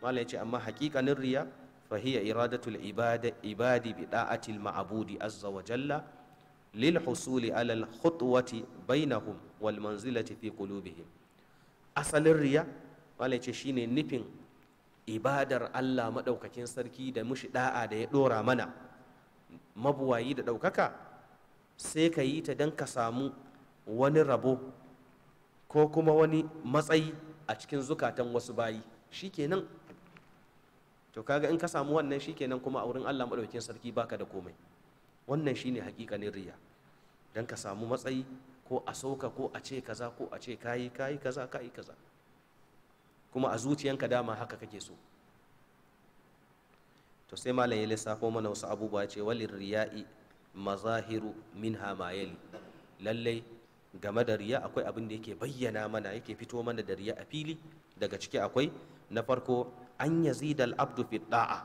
malai yace amma haqiqanin riya fa hiya iradatul ibadi bi da'atil ma'budi azza wa jalla lil husuli alal khutwati bainahum wal manzilati fi asalin riya malai ce shine nufin ibadar Allah maɗaukakin sarki da mushi da'a da ya ɗora mana mabuwayi da ɗaukaka sai ka yi ta don ka samu wani rabo ko kuma wani matsayi a cikin zukatan wasu bayi shikenan to kaga in ka samu wannan shikenan kuma a wurin Allah maɗaukakin sarki baka da komai wannan shine hakikanin riya don ka samu matsayi ko a sauka ko a ce kaza ko a ce kayi kayi kaza kayi kaza kuma a zuciyanka dama haka kake so to sai malam ya lissafo mana wasu abubuwa ce walin riya'i mazahiru min hamayali lallai game da riya akwai abin da yake bayyana mana yake fito mana da riya a fili daga ciki akwai na farko an yazid al-abdu fi da'a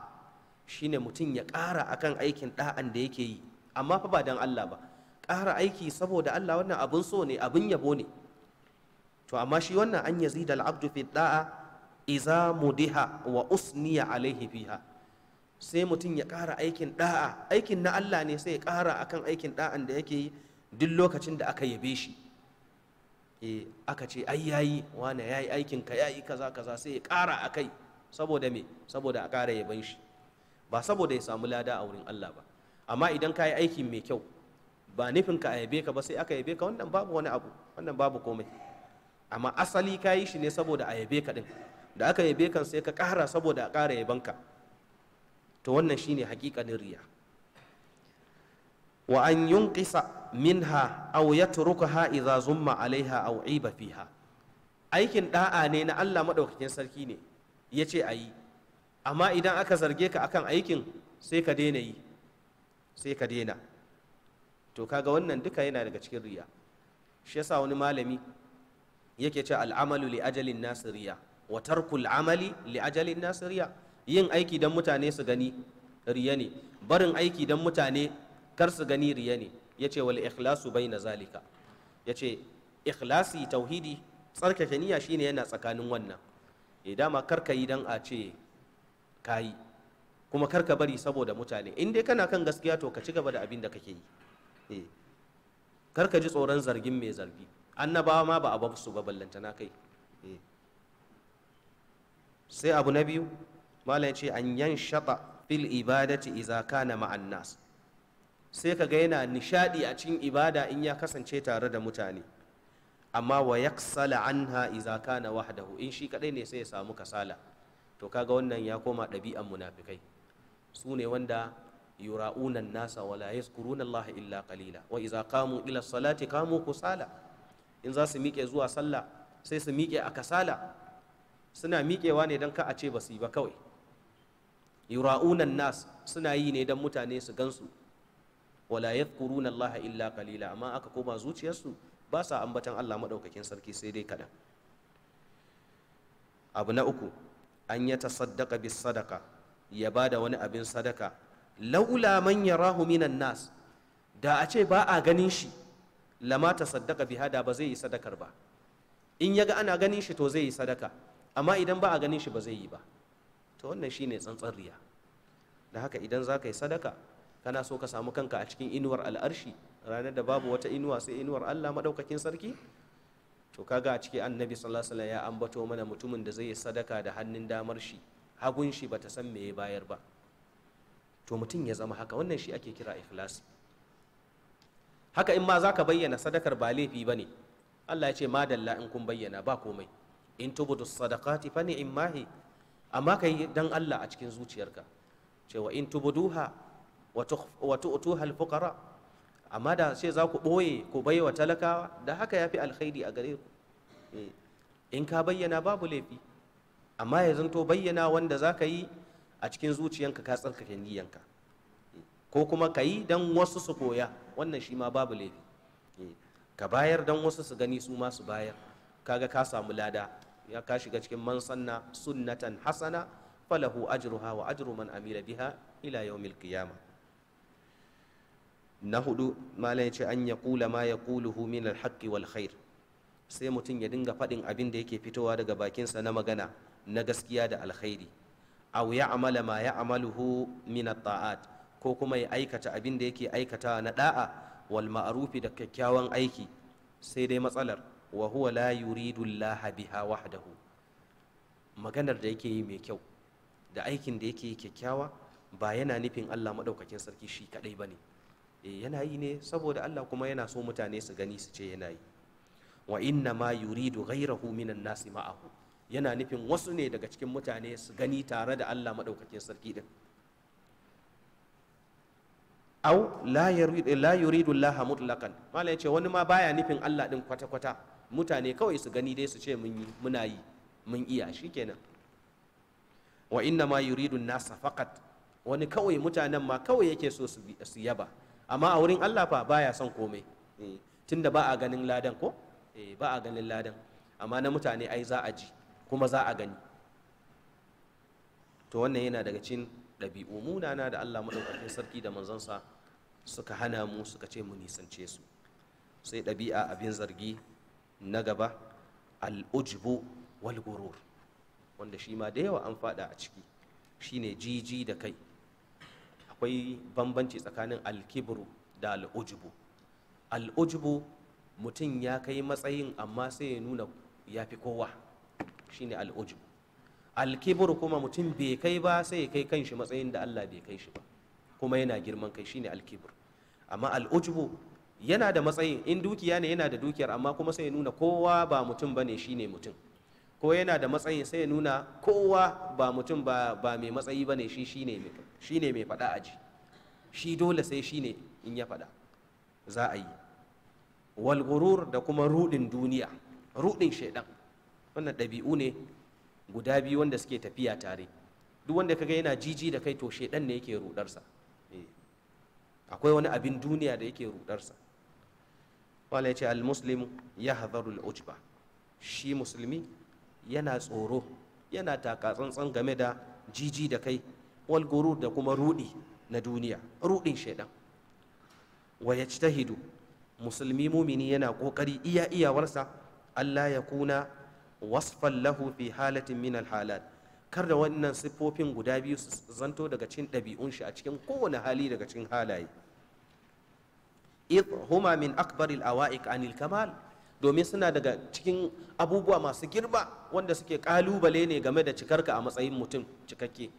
shine mutum ya ƙara akan aikin da'an da yake yi amma fa ba dan Allah ba ƙara aiki saboda Allah wannan abin so ne abin yabo ne to amma shi wannan an yazid al-abdu fi da'a iza mudiha wa usniya alaihi fiha sai mutum ya ƙara aikin da'a aikin na Allah ne sai ya ƙara akan aikin da'an da yake yi duk lokacin da aka yabe shi eh aka ce ai yayi wane yayi aikin ka yayi kaza kaza sai ya ƙara akai saboda me saboda a ƙara yaban shi ba saboda ya samu lada a wurin Allah ba amma idan ka yi aikin mai kyau ba nufin ka yabe ka ba sai aka yabe ka wannan babu wani abu wannan babu komai amma asali ka yi shi ne saboda a ka din da aka yabe kan sai ka kara saboda a ƙara yabanka to wannan shi ne hakikanin riya wa an yunqisa minha aw ha iza zumma alaiha aw iba fiha aikin da'a ne na Allah maɗaukakin sarki ne Ya ce a yi. amma idan aka zarge ka akan aikin sai ka daina yi sai ka daina to kaga wannan duka yana daga cikin riya shi yasa wani malami yake ce al'amalu li ajalin nasiriya wa tarkul amali li ajalin nasiriya yin aiki don mutane su gani riya ne barin aiki don mutane kar su gani riya ne yace wal ikhlasu baina zalika yace ikhlasi tauhidi tsarkake niyya shine yana tsakanin wannan eh dama kar ka yi dan a ce kayi kuma kar ka bari saboda mutane in dai kana kan gaskiya to ka ci gaba da abin da kake yi Eh. kar ka ji tsoron zargin mai zargi annabawa ma ba a babu su ba na kai eh. sai abu na biyu ya ce an yan shata fil ibadati iza kana ma'an sai ka yana nishaɗi a cikin ibada in ya kasance tare da mutane amma wa yaksala anha iza kana wahdahu in shi kadai ne sai ya samu kasala to kaga wannan ya koma ɗabi'an munafikai su ne wanda yura'una an-nasa wa la illa qalila wa idza ila salati qamu kusala in za miƙe zuwa sallah sai su miƙe a kasala suna miƙewa ne don ka a ce ba ba kawai yura'unan nas suna yi ne don mutane su gansu wala yadhkuruna illa qalila amma aka koma zuciyarsu ba sa ambatan Allah madaukakin sarki sai dai kaɗan. abu na uku an ya tasaddaqa bis sadaka ya ba da wani abin sadaka laula man yarahu minan nas da a ce ba a ganin shi lama ta saddaka biha da ba zai yi sadakar ba in ya ga ana ganin shi to zai yi sadaka amma idan ba a ganin shi ba zai yi ba to wannan shi ne tsantsan riya da haka idan za ka yi sadaka kana so ka samu kanka a cikin inuwar al'arshi ranar da babu wata inuwa sai inuwar Allah maɗaukakin sarki to kaga a cikin annabi sallallahu alaihi wasallam ya ambato mana mutumin da zai yi sadaka da hannun damar shi hagun shi bata san me ya bayar ba to mutum ya zama haka wannan shi ake kira ikhlasi haka in ma za ka bayyana sadakar ba laifi ba ne allah ya ce madalla in kun bayyana ba komai in tubudu sadaqati fa in mahi amma kai dan allah a cikin zuciyarka cewa in tubuduha wa tu'tuha al amma da sai za ku boye ku baiwa talakawa da haka yafi alkhairi a gare ku eh, in ka bayyana babu laifi amma ya zanto bayyana wanda za ka yi a cikin zuciyanka ka tsarkake niyyanka ko kuma ka yi don wasu su koya wannan shi ma babu laifi eh, ka bayar don wasu su gani su ma su bayar kaga ka samu lada ya ka shiga cikin man sunnatan hasana falahu ajruha wa ajru man amila biha ila yawmil qiyamah na hudu malam ce an ya kula ma ya kuluhu min alhaqqi wal khair sai mutum ya dinga faɗin abin da yake fitowa daga bakinsa na magana na gaskiya da alkhairi aw amala ma amaluhu min at-ta'at ko kuma ya aikata abin da yake aikata na da'a wal ma'rufi da kyakkyawan aiki sai dai matsalar wa huwa la yuridu llaha biha wahdahu maganar da yake yi mai kyau da aikin da yake yi kyakkyawa ba yana nufin Allah madaukakin sarki shi kadai bane eh, yana yi ne saboda Allah kuma yana so mutane su gani su ce yana yi wa inna ma yuridu ghayrahu minan nasi ma'ahu yana nufin wasu ne daga cikin mutane su gani tare da Allah maɗaukakin sarki din au la yuridu Allah mutlaqan malai ce wani ma baya nufin Allah din kwata kwata mutane kawai su gani dai su ce mun yi muna yi mun iya shikenan wa inna ma yuridu nasa faqat wani kawai mutanen ma kawai yake so su yaba amma a wurin Allah fa baya son komai eh, tunda ba a ganin ladan ko eh, ba a ganin ladan amma na mutane ai za a ji kuma za a gani to wannan yana daga cikin ɗabi'u munana da Allah maɗaukakin sarki da manzansa suka hana mu suka ce mu nisance su sai ɗabi'a abin zargi na gaba al'ujbu wal wanda shi ma da yawa an faɗa a ciki shine jiji da kai akwai bambanci tsakanin alkibru da al'ujbu al'ujbu mutum ya kai matsayin amma sai ya nuna ya fi kowa shine al'ujub alkibur kuma mutum bai kai ba sai ya kai kanshi matsayin da Allah bai kai shi ba kuma yana girman kai shine alkibur amma al'ujubu yana da matsayin in dukiya ne yana da dukiyar amma kuma sai ya nuna kowa ba mutum bane shine mutum ko yana da matsayin sai ya nuna kowa ba mutum ba mai matsayi bane shi shine mai faɗa ji shi dole sai shine in ya faɗa za a yi walgurur da kuma ruɗin duniya ruɗin shaidan wannan ɗabi'u ne guda biyu wanda suke tafiya tare duk wanda kaga yana jiji da kai to shedan ne yake rudarsa eh, akwai wani abin duniya da yake rudarsa wala ya ce almuslim ya hazarul ujba shi musulmi yana tsoro yana taka tsantsan game da jiji da kai wal gurur da kuma rudi na duniya rudin shaidan wa yajtahidu musulmi mumini yana kokari iya iyawarsa Allah ya kuna wasfan lahu fi halatin min alhalat kar da wannan siffofin guda biyu su zanto daga cikin ɗabi'un shi a cikin kowane hali daga cikin halaye huma min akbaril awa'ik anil kamal domin suna daga cikin abubuwa masu girba wanda suke kalubale ne game da cikarka a matsayin mutum cikakke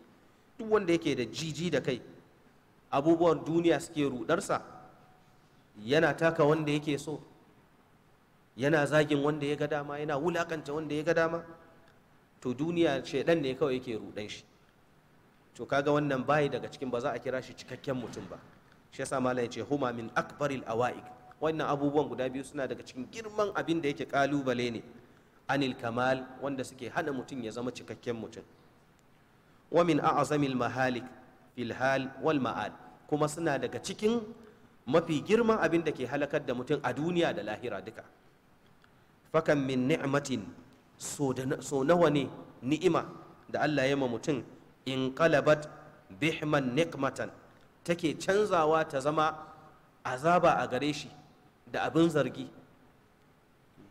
duk wanda yake da jiji da kai abubuwan duniya suke rudarsa yana taka wanda yake so yana zagin wanda ya ga dama yana wulakanta wanda ya ga dama to duniya shaidan ne kawai yake rudan shi to kaga wannan bayi daga cikin ba za a kira shi cikakken mutum ba shi yasa malam yace huma min akbaril awa'ik wannan abubuwan guda biyu suna daga cikin girman abin da yake kalubale ne anil kamal wanda suke hana mutum ya zama cikakken mutum wa min a'zamil mahalik fil hal wal ma'al kuma suna daga cikin mafi girman abin da ke halakar da mutum a duniya da lahira duka fakan min ni'matin so nawa ne ni'ima da Allah ya ma mutum in kalabat bihman nikmatan take canzawa ta zama azaba a gare shi da abin zargi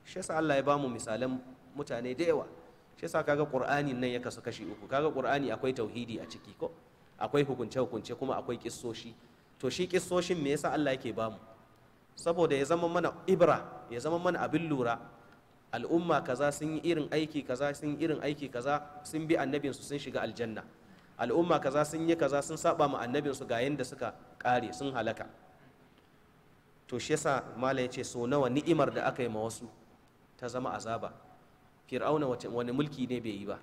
shi yasa Allah ya bamu misalan mutane da yawa shi yasa kaga qur'anin nan ya kasu kashi uku kaga qur'ani akwai tauhidi a ciki ko akwai hukunce hukunce kuma akwai kissoshi to shi kissoshin me yasa Allah yake bamu saboda ya zama mana ibra ya zama mana abin lura al'umma kaza sun yi irin aiki kaza sun yi irin aiki kaza sun bi annabinsu sun shiga aljanna al'umma kaza sun yi kaza sun saba ma annabinsu ga yanda suka kare sun halaka to shi yasa malai yace so nawa ni'imar da aka yi ma wasu ta zama azaba fir'auna wani mulki ne bai yi ba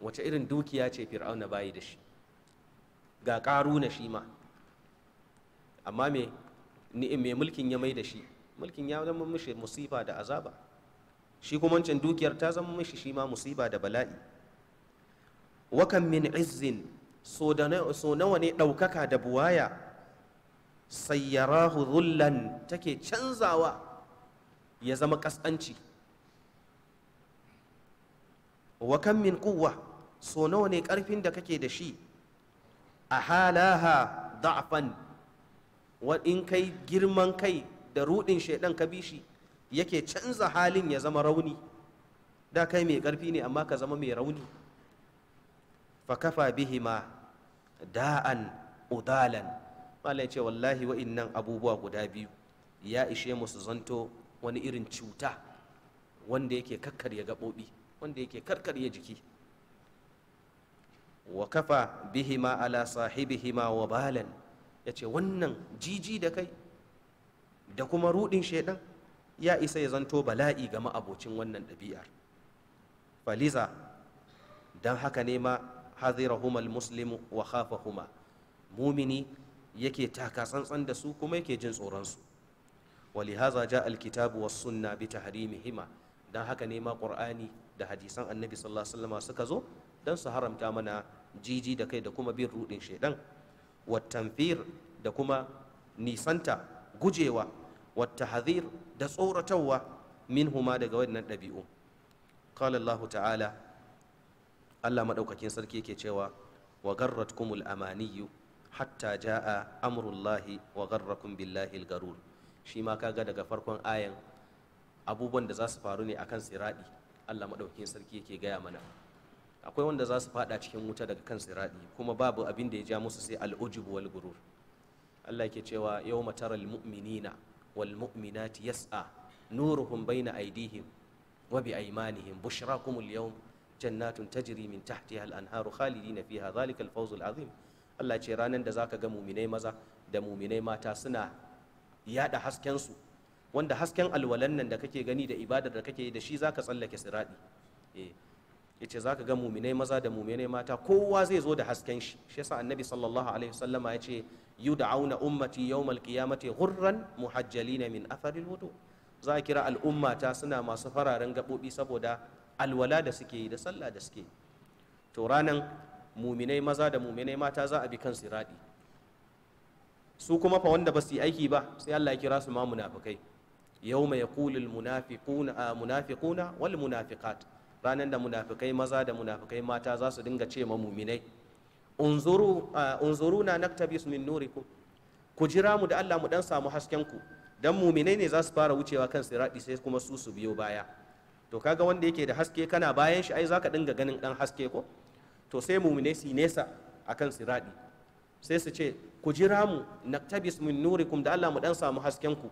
wace irin dukiya ce fir'auna bayi da shi ga karuna shi ma amma me ni'im mai mulkin ya mai da shi mulkin ya zama mishi musifa da azaba shi kuma wancan dukiyar ta zama mishi shi ma musiba da bala'i wakan min izzin so nawa ne ɗaukaka da buwaya sayyarahu zullan take canzawa ya zama ƙasƙanci wakan min kuwa so nawa ne ƙarfin da kake da shi a halaha da'afan in kai girman kai da ruɗin shaidan ka bi shi yake canza halin ya zama rauni da kai mai karfi ne amma ka zama mai rauni fa kafa bihi ma da'an udalan malai ce wallahi wa'innan abubuwa guda biyu ya ishe musu zanto wani irin cuta wanda yake karkarya gaɓoɓi wanda yake karkarya jiki wa kafa bihi ma ala ma wa balan ya ce wannan jiji da kai da kuma ruɗin shaidan ya isa ya zanto bala'i ga ma'abocin wannan ɗabi'ar faliza don haka ne ma hazirahumal muslimu wa khafahuma mumini yake taka tsantsan da su kuma yake jin tsoronsu walihaza ja alkitabu wa sunna bi tahrimihima don haka ne ma ƙur'ani da hadisan annabi sallallahu alaihi wasallam suka zo don su haramta mana jiji da kai da kuma bin rudin shaidan wa tanfir da kuma nisanta gujewa wa tahzir da tsoratarwa min huma daga waɗannan ɗabi'u qala Allah ta'ala Allah maɗaukakin sarki yake cewa wa garratkumul amaniyu hatta jaa amrullahi wa garrakum billahi garur shi ma kaga daga farkon ayan abubuwan da za su faru ne akan siradi Allah maɗaukakin sarki yake gaya mana akwai wanda za su fada cikin wuta daga kan siradi kuma babu abin da ya ja musu sai al'ujubu wal gurur Allah yake cewa yau taral mu'minina wal nuru yas'a nuruhum bayna aydihim wa bi aymanihim bushrakum al yawm jannatun tajri min tahtiha al anharu khalidina fiha dhalika al fawz al azim Allah ce ranan da zaka ga muminai maza da muminai mata suna yada haskensu wanda hasken alwalan nan da kake gani da ibadar da kake yi da shi zaka tsallake siradi eh, yace zaka ga muminai maza da muminai mata kowa zai zo da hasken shi shi yasa annabi sallallahu alaihi wasallama yace yud'auna ummati yawmal qiyamati ghurran muhajjalina min athari alwudu za a kira al'ummata suna masu fararen gabobi saboda alwala da suke yi da sallah da suke to ranan muminai maza da muminai mata za a bi kan siradi su kuma fa wanda ba su yi aiki ba sai Allah ya kira su ma munafikai yawma yaqulu almunafiquna munafiquna wal munafiqat ranar da munafikai maza da munafikai mata za su dinga ce ma muminai unzuru ah, na naktabis min nurikum ku jira mu da Allah mu dan samu hasken ku dan muminai ne za su fara wucewa kan siradi sai kuma su su biyo baya to kaga wanda yake da haske kana bayan shi ai zaka dinga ganin dan haske ko to sai muminai su nesa akan siradi sai su ce ku jira mu naktabis min nurikum da Allah mu dan samu hasken ku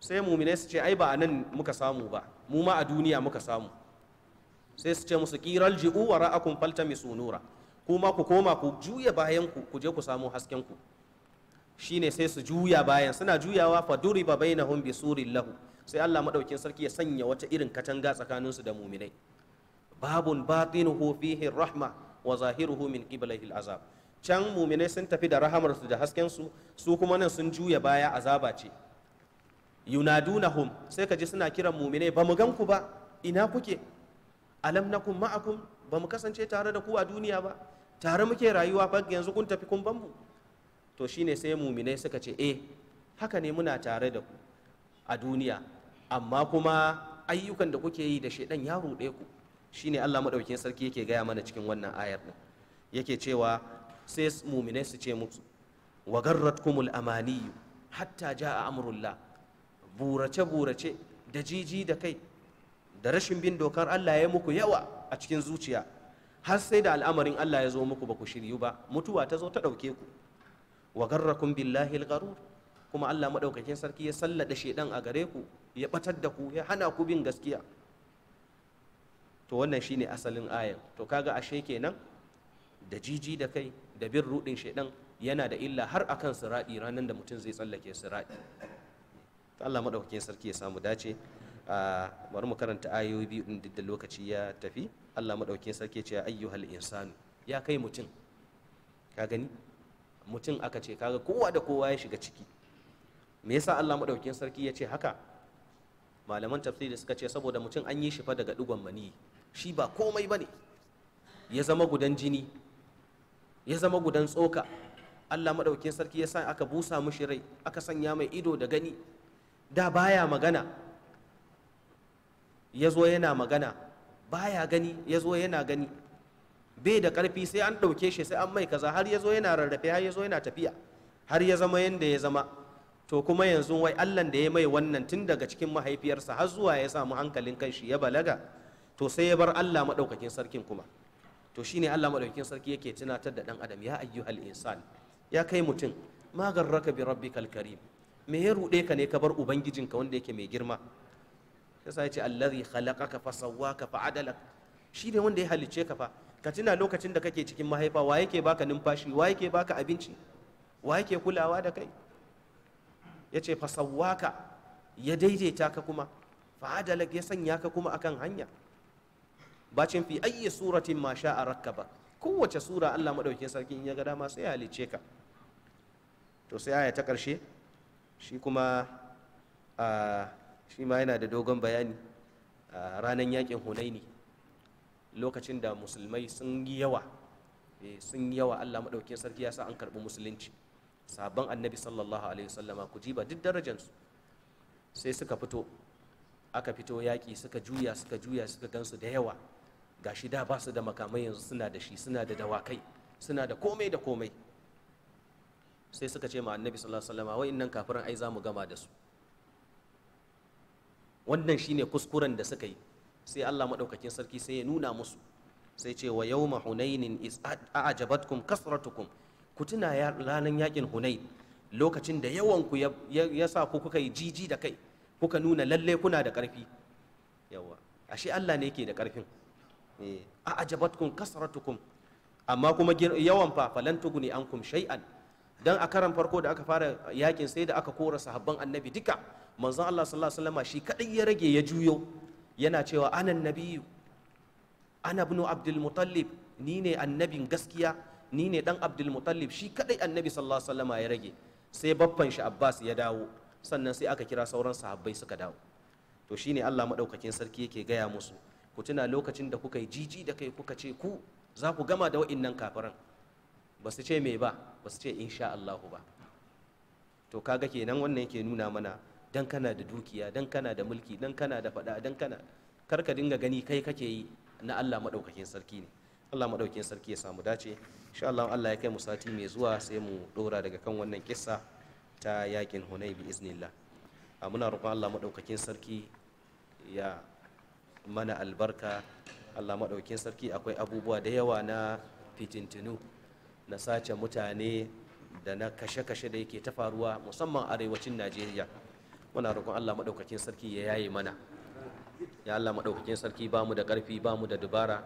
sai muminai su ce ai ba anan muka samu ba mu ma a duniya muka samu sai su ce musu kiral ji'u wa ra'akum faltamisu nura kuma ku koma ku juya bayanku ku ku je ku samu haskenku. ku shine sai su juya bayan suna juyawa fa duriba bainahum surin lahu sai Allah madaukin sarki ya sanya wata irin katanga tsakanin su da muminai babun batinuhu fihi rahma wa zahiruhu min qiblaihi azab can muminai sun tafi da rahamar su da hasken su su kuma nan sun juya baya azaba ce yunadunahum sai ka ji suna kiran muminai ba mu gan ku ba ina kuke alam a ma'akum ba mu kasance tare da ku a duniya ba tare muke rayuwa ba yanzu kun tafi kun banmu mu to shine sai muminai suka ce eh haka ne muna tare da ku a duniya amma kuma ayyukan da kuke yi da shaidan ya ruɗe ku shine Allah madaukakin sarki yake gaya mana cikin wannan ayar din yake cewa sai muminai su ce musu wa garratkumul amaniyu hatta a amrullah burace burace da jiji da kai da rashin bin dokar Allah ya muku yawa a cikin zuciya har sai da al'amarin Allah ya zo muku ba ku shiryu ba mutuwa ta zo ta ɗauke ku wa garrakum billahi al-gharur kuma Allah madaukakin sarki ya sallada shedan a gare ku ya batar da ku ya hana ku bin gaskiya to wannan shine asalin ayan to kaga ashe kenan da jiji da kai da bin rudin shedan yana da illa har akan siradi ranan da mutum zai tsallake siradi Allah madaukakin sarki ya samu dace bari mu karanta ayoyi biyu din da lokaci ya tafi Allah madaukin sarki ce ayyuhal insanu ya kai mutum ka gani mutum aka ce kaga kowa da kowa ya shiga ciki me yasa Allah madaukin sarki ya ce haka malaman tafsiri suka ce saboda mutum an yi shi fa daga digon mani shi ba komai bane ya zama gudan jini ya zama gudan tsoka Allah madaukin sarki ya sa aka busa mishi rai aka sanya mai ido da gani da baya magana ya zo yana magana baya gani ya zo yana gani bai da ƙarfi sai an ɗauke shi sai an mai kaza har ya zo yana rarrafe har ya zo yana tafiya har ya zama yadda ya zama to kuma yanzu wai allan da ya mai wannan tun daga cikin mahaifiyarsa har zuwa ya samu hankalin shi ya balaga to sai ya bar allah maɗaukakin sarkin kuma to shine allah maɗaukakin sarki yake tunatar da ɗan adam ya ayyuhal insan ya kai mutum magarraka bi rabbikal karim me ya ruɗe ka ne ka bar ubangijinka wanda yake mai girma yasa yace allazi khalaqaka fa sawwaka fa adalak ne wanda ya halice ka fa ka tuna lokacin da kake cikin mahaifa wa yake baka numfashi wa yake baka abinci wa yake kulawa da kai yace fa sawwaka ya daidaita ka kuma fa adalak ya sanya ka kuma akan hanya bacin fi ayyi suratin ma sha'a rakkaba kowace sura Allah madaukakin sarki in ya ga dama sai ya halice ka to sai aya ta karshe shi kuma ah, shi ma yana da dogon bayani a ranar yakin hunaini lokacin da musulmai sun yi yawa eh, sun yi yawa allah maɗaukin sarki ya sa an karɓi musulunci sabon annabi sallallahu alaihi wasallama ku jiba duk darajansu sai suka fito aka fito yaƙi suka juya suka juya suka gansu da yawa gashi da ba su da makamai yanzu suna da shi suna da dawakai suna da komai da komai sai suka ce ma annabi sallallahu alaihi wasallama wa'annan kafiran ai za mu gama da su wannan shine kuskuren da suka yi sai Allah maɗaukakin sarki sai ya nuna musu sai ce wa yawma hunainin is a'jabatkum kasratukum ku tuna ranar yakin hunain lokacin da yawan ya sa ku kuka yi jiji da kai kuka nuna lalle kuna da karfi yawa ashe Allah ne yake da karfin eh, a'jabatkum kasratukum amma kuma yawan fa falan tuguni ankum shay'an don a karan farko da aka fara yakin sai da aka kora sahabban annabi duka manzon Allah sallallahu alaihi wasallam shi kadai ya rage ya juyo yana cewa anan nabiyyu ana ibn abdul muttalib ni ne annabin gaskiya ni ne dan abdul muttalib shi kadai annabi sallallahu alaihi wasallam ya rage sai baffan shi abbas ya dawo sannan sai aka kira sauran sahabbai suka dawo to shine Allah madaukakin sarki yake gaya musu ku tuna lokacin da kuka yi jiji da kai kuka ce ku za ku gama da wa'innan kafiran ba su ce me ba ba su ce insha Allah ba to kaga kenan wannan yake nuna mana dan kana da dukiya dan kana da mulki dan kana da fada dan kana karka dinga gani kai kake yi na Allah madaukakin sarki ne Allah madaukakin sarki ya samu dace insha Allah Allah ya kai mu sati mai zuwa sai mu dora daga kan wannan kissa ta yakin Hunay bi iznillah amuna roƙon Allah madaukakin sarki ya mana albarka Allah madaukakin sarki akwai abubuwa da yawa na fitintinu na sace mutane da na kashe-kashe da yake ta faruwa musamman arewacin Najeriya muna roƙon Allah maɗaukakin sarki ya yaye mana ya Allah maɗaukakin sarki ba mu da ƙarfi ba mu da dubara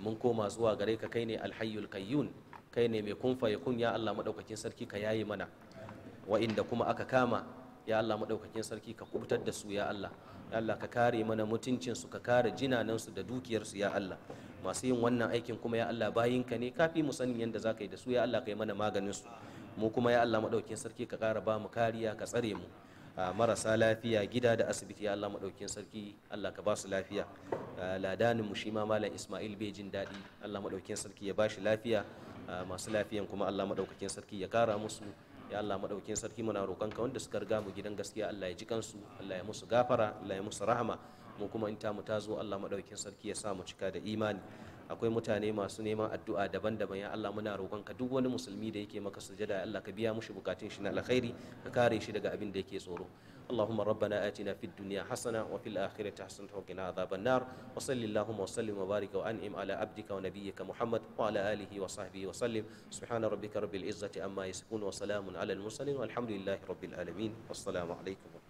mun koma zuwa gare ka kai ne alhayyul kayyun kai ne mai kunfa ya kun ya Allah maɗaukakin sarki ka yaye mana inda kuma aka kama ya Allah maɗaukakin sarki ka kubutar da su ya Allah ya Allah ka kare mana mutuncinsu ka kare jinanansu da dukiyarsu ya Allah masu yin wannan aikin kuma ya Allah bayinka ne kafi mu sanin yadda za ka yi da su ya Allah ka yi mana maganinsu mu kuma ya Allah maɗaukakin sarki ka ƙara ba mu kariya ka tsare mu Ah, marasa lafiya gida da asibiti Allah maɗaukin sarki Allah ka ba su lafiya ah, ladanin mu shi ma malam Ismail bai jin daɗi Allah maɗaukin sarki ya ba shi lafiya ah, masu lafiyan kuma Allah maɗaukakin sarki ya kara musu ya Allah madaukakin sarki muna roƙon ka wanda suka riga mu gidan gaskiya Allah ya ji kansu Allah ya musu gafara Allah ya musu rahama mu kuma in ta mu ta zo Allah madaukakin sarki ya sa mu cika da imani akwai mutane masu neman addu'a daban-daban ya Allah muna roƙonka duk wani musulmi da yake maka sujada Allah ka biya mushi bukatun shi na alkhairi ka kare shi daga abin da yake tsoro اللهم ربنا آتنا في الدنيا حسنة وفي الآخرة حسنة وقنا عذاب النار وصل اللهم وسلم وبارك وأنعم على عبدك ونبيك محمد وعلى آله وصحبه وسلم سبحان ربك رب العزة أما يسكون وسلام على المرسلين والحمد لله رب العالمين والسلام عليكم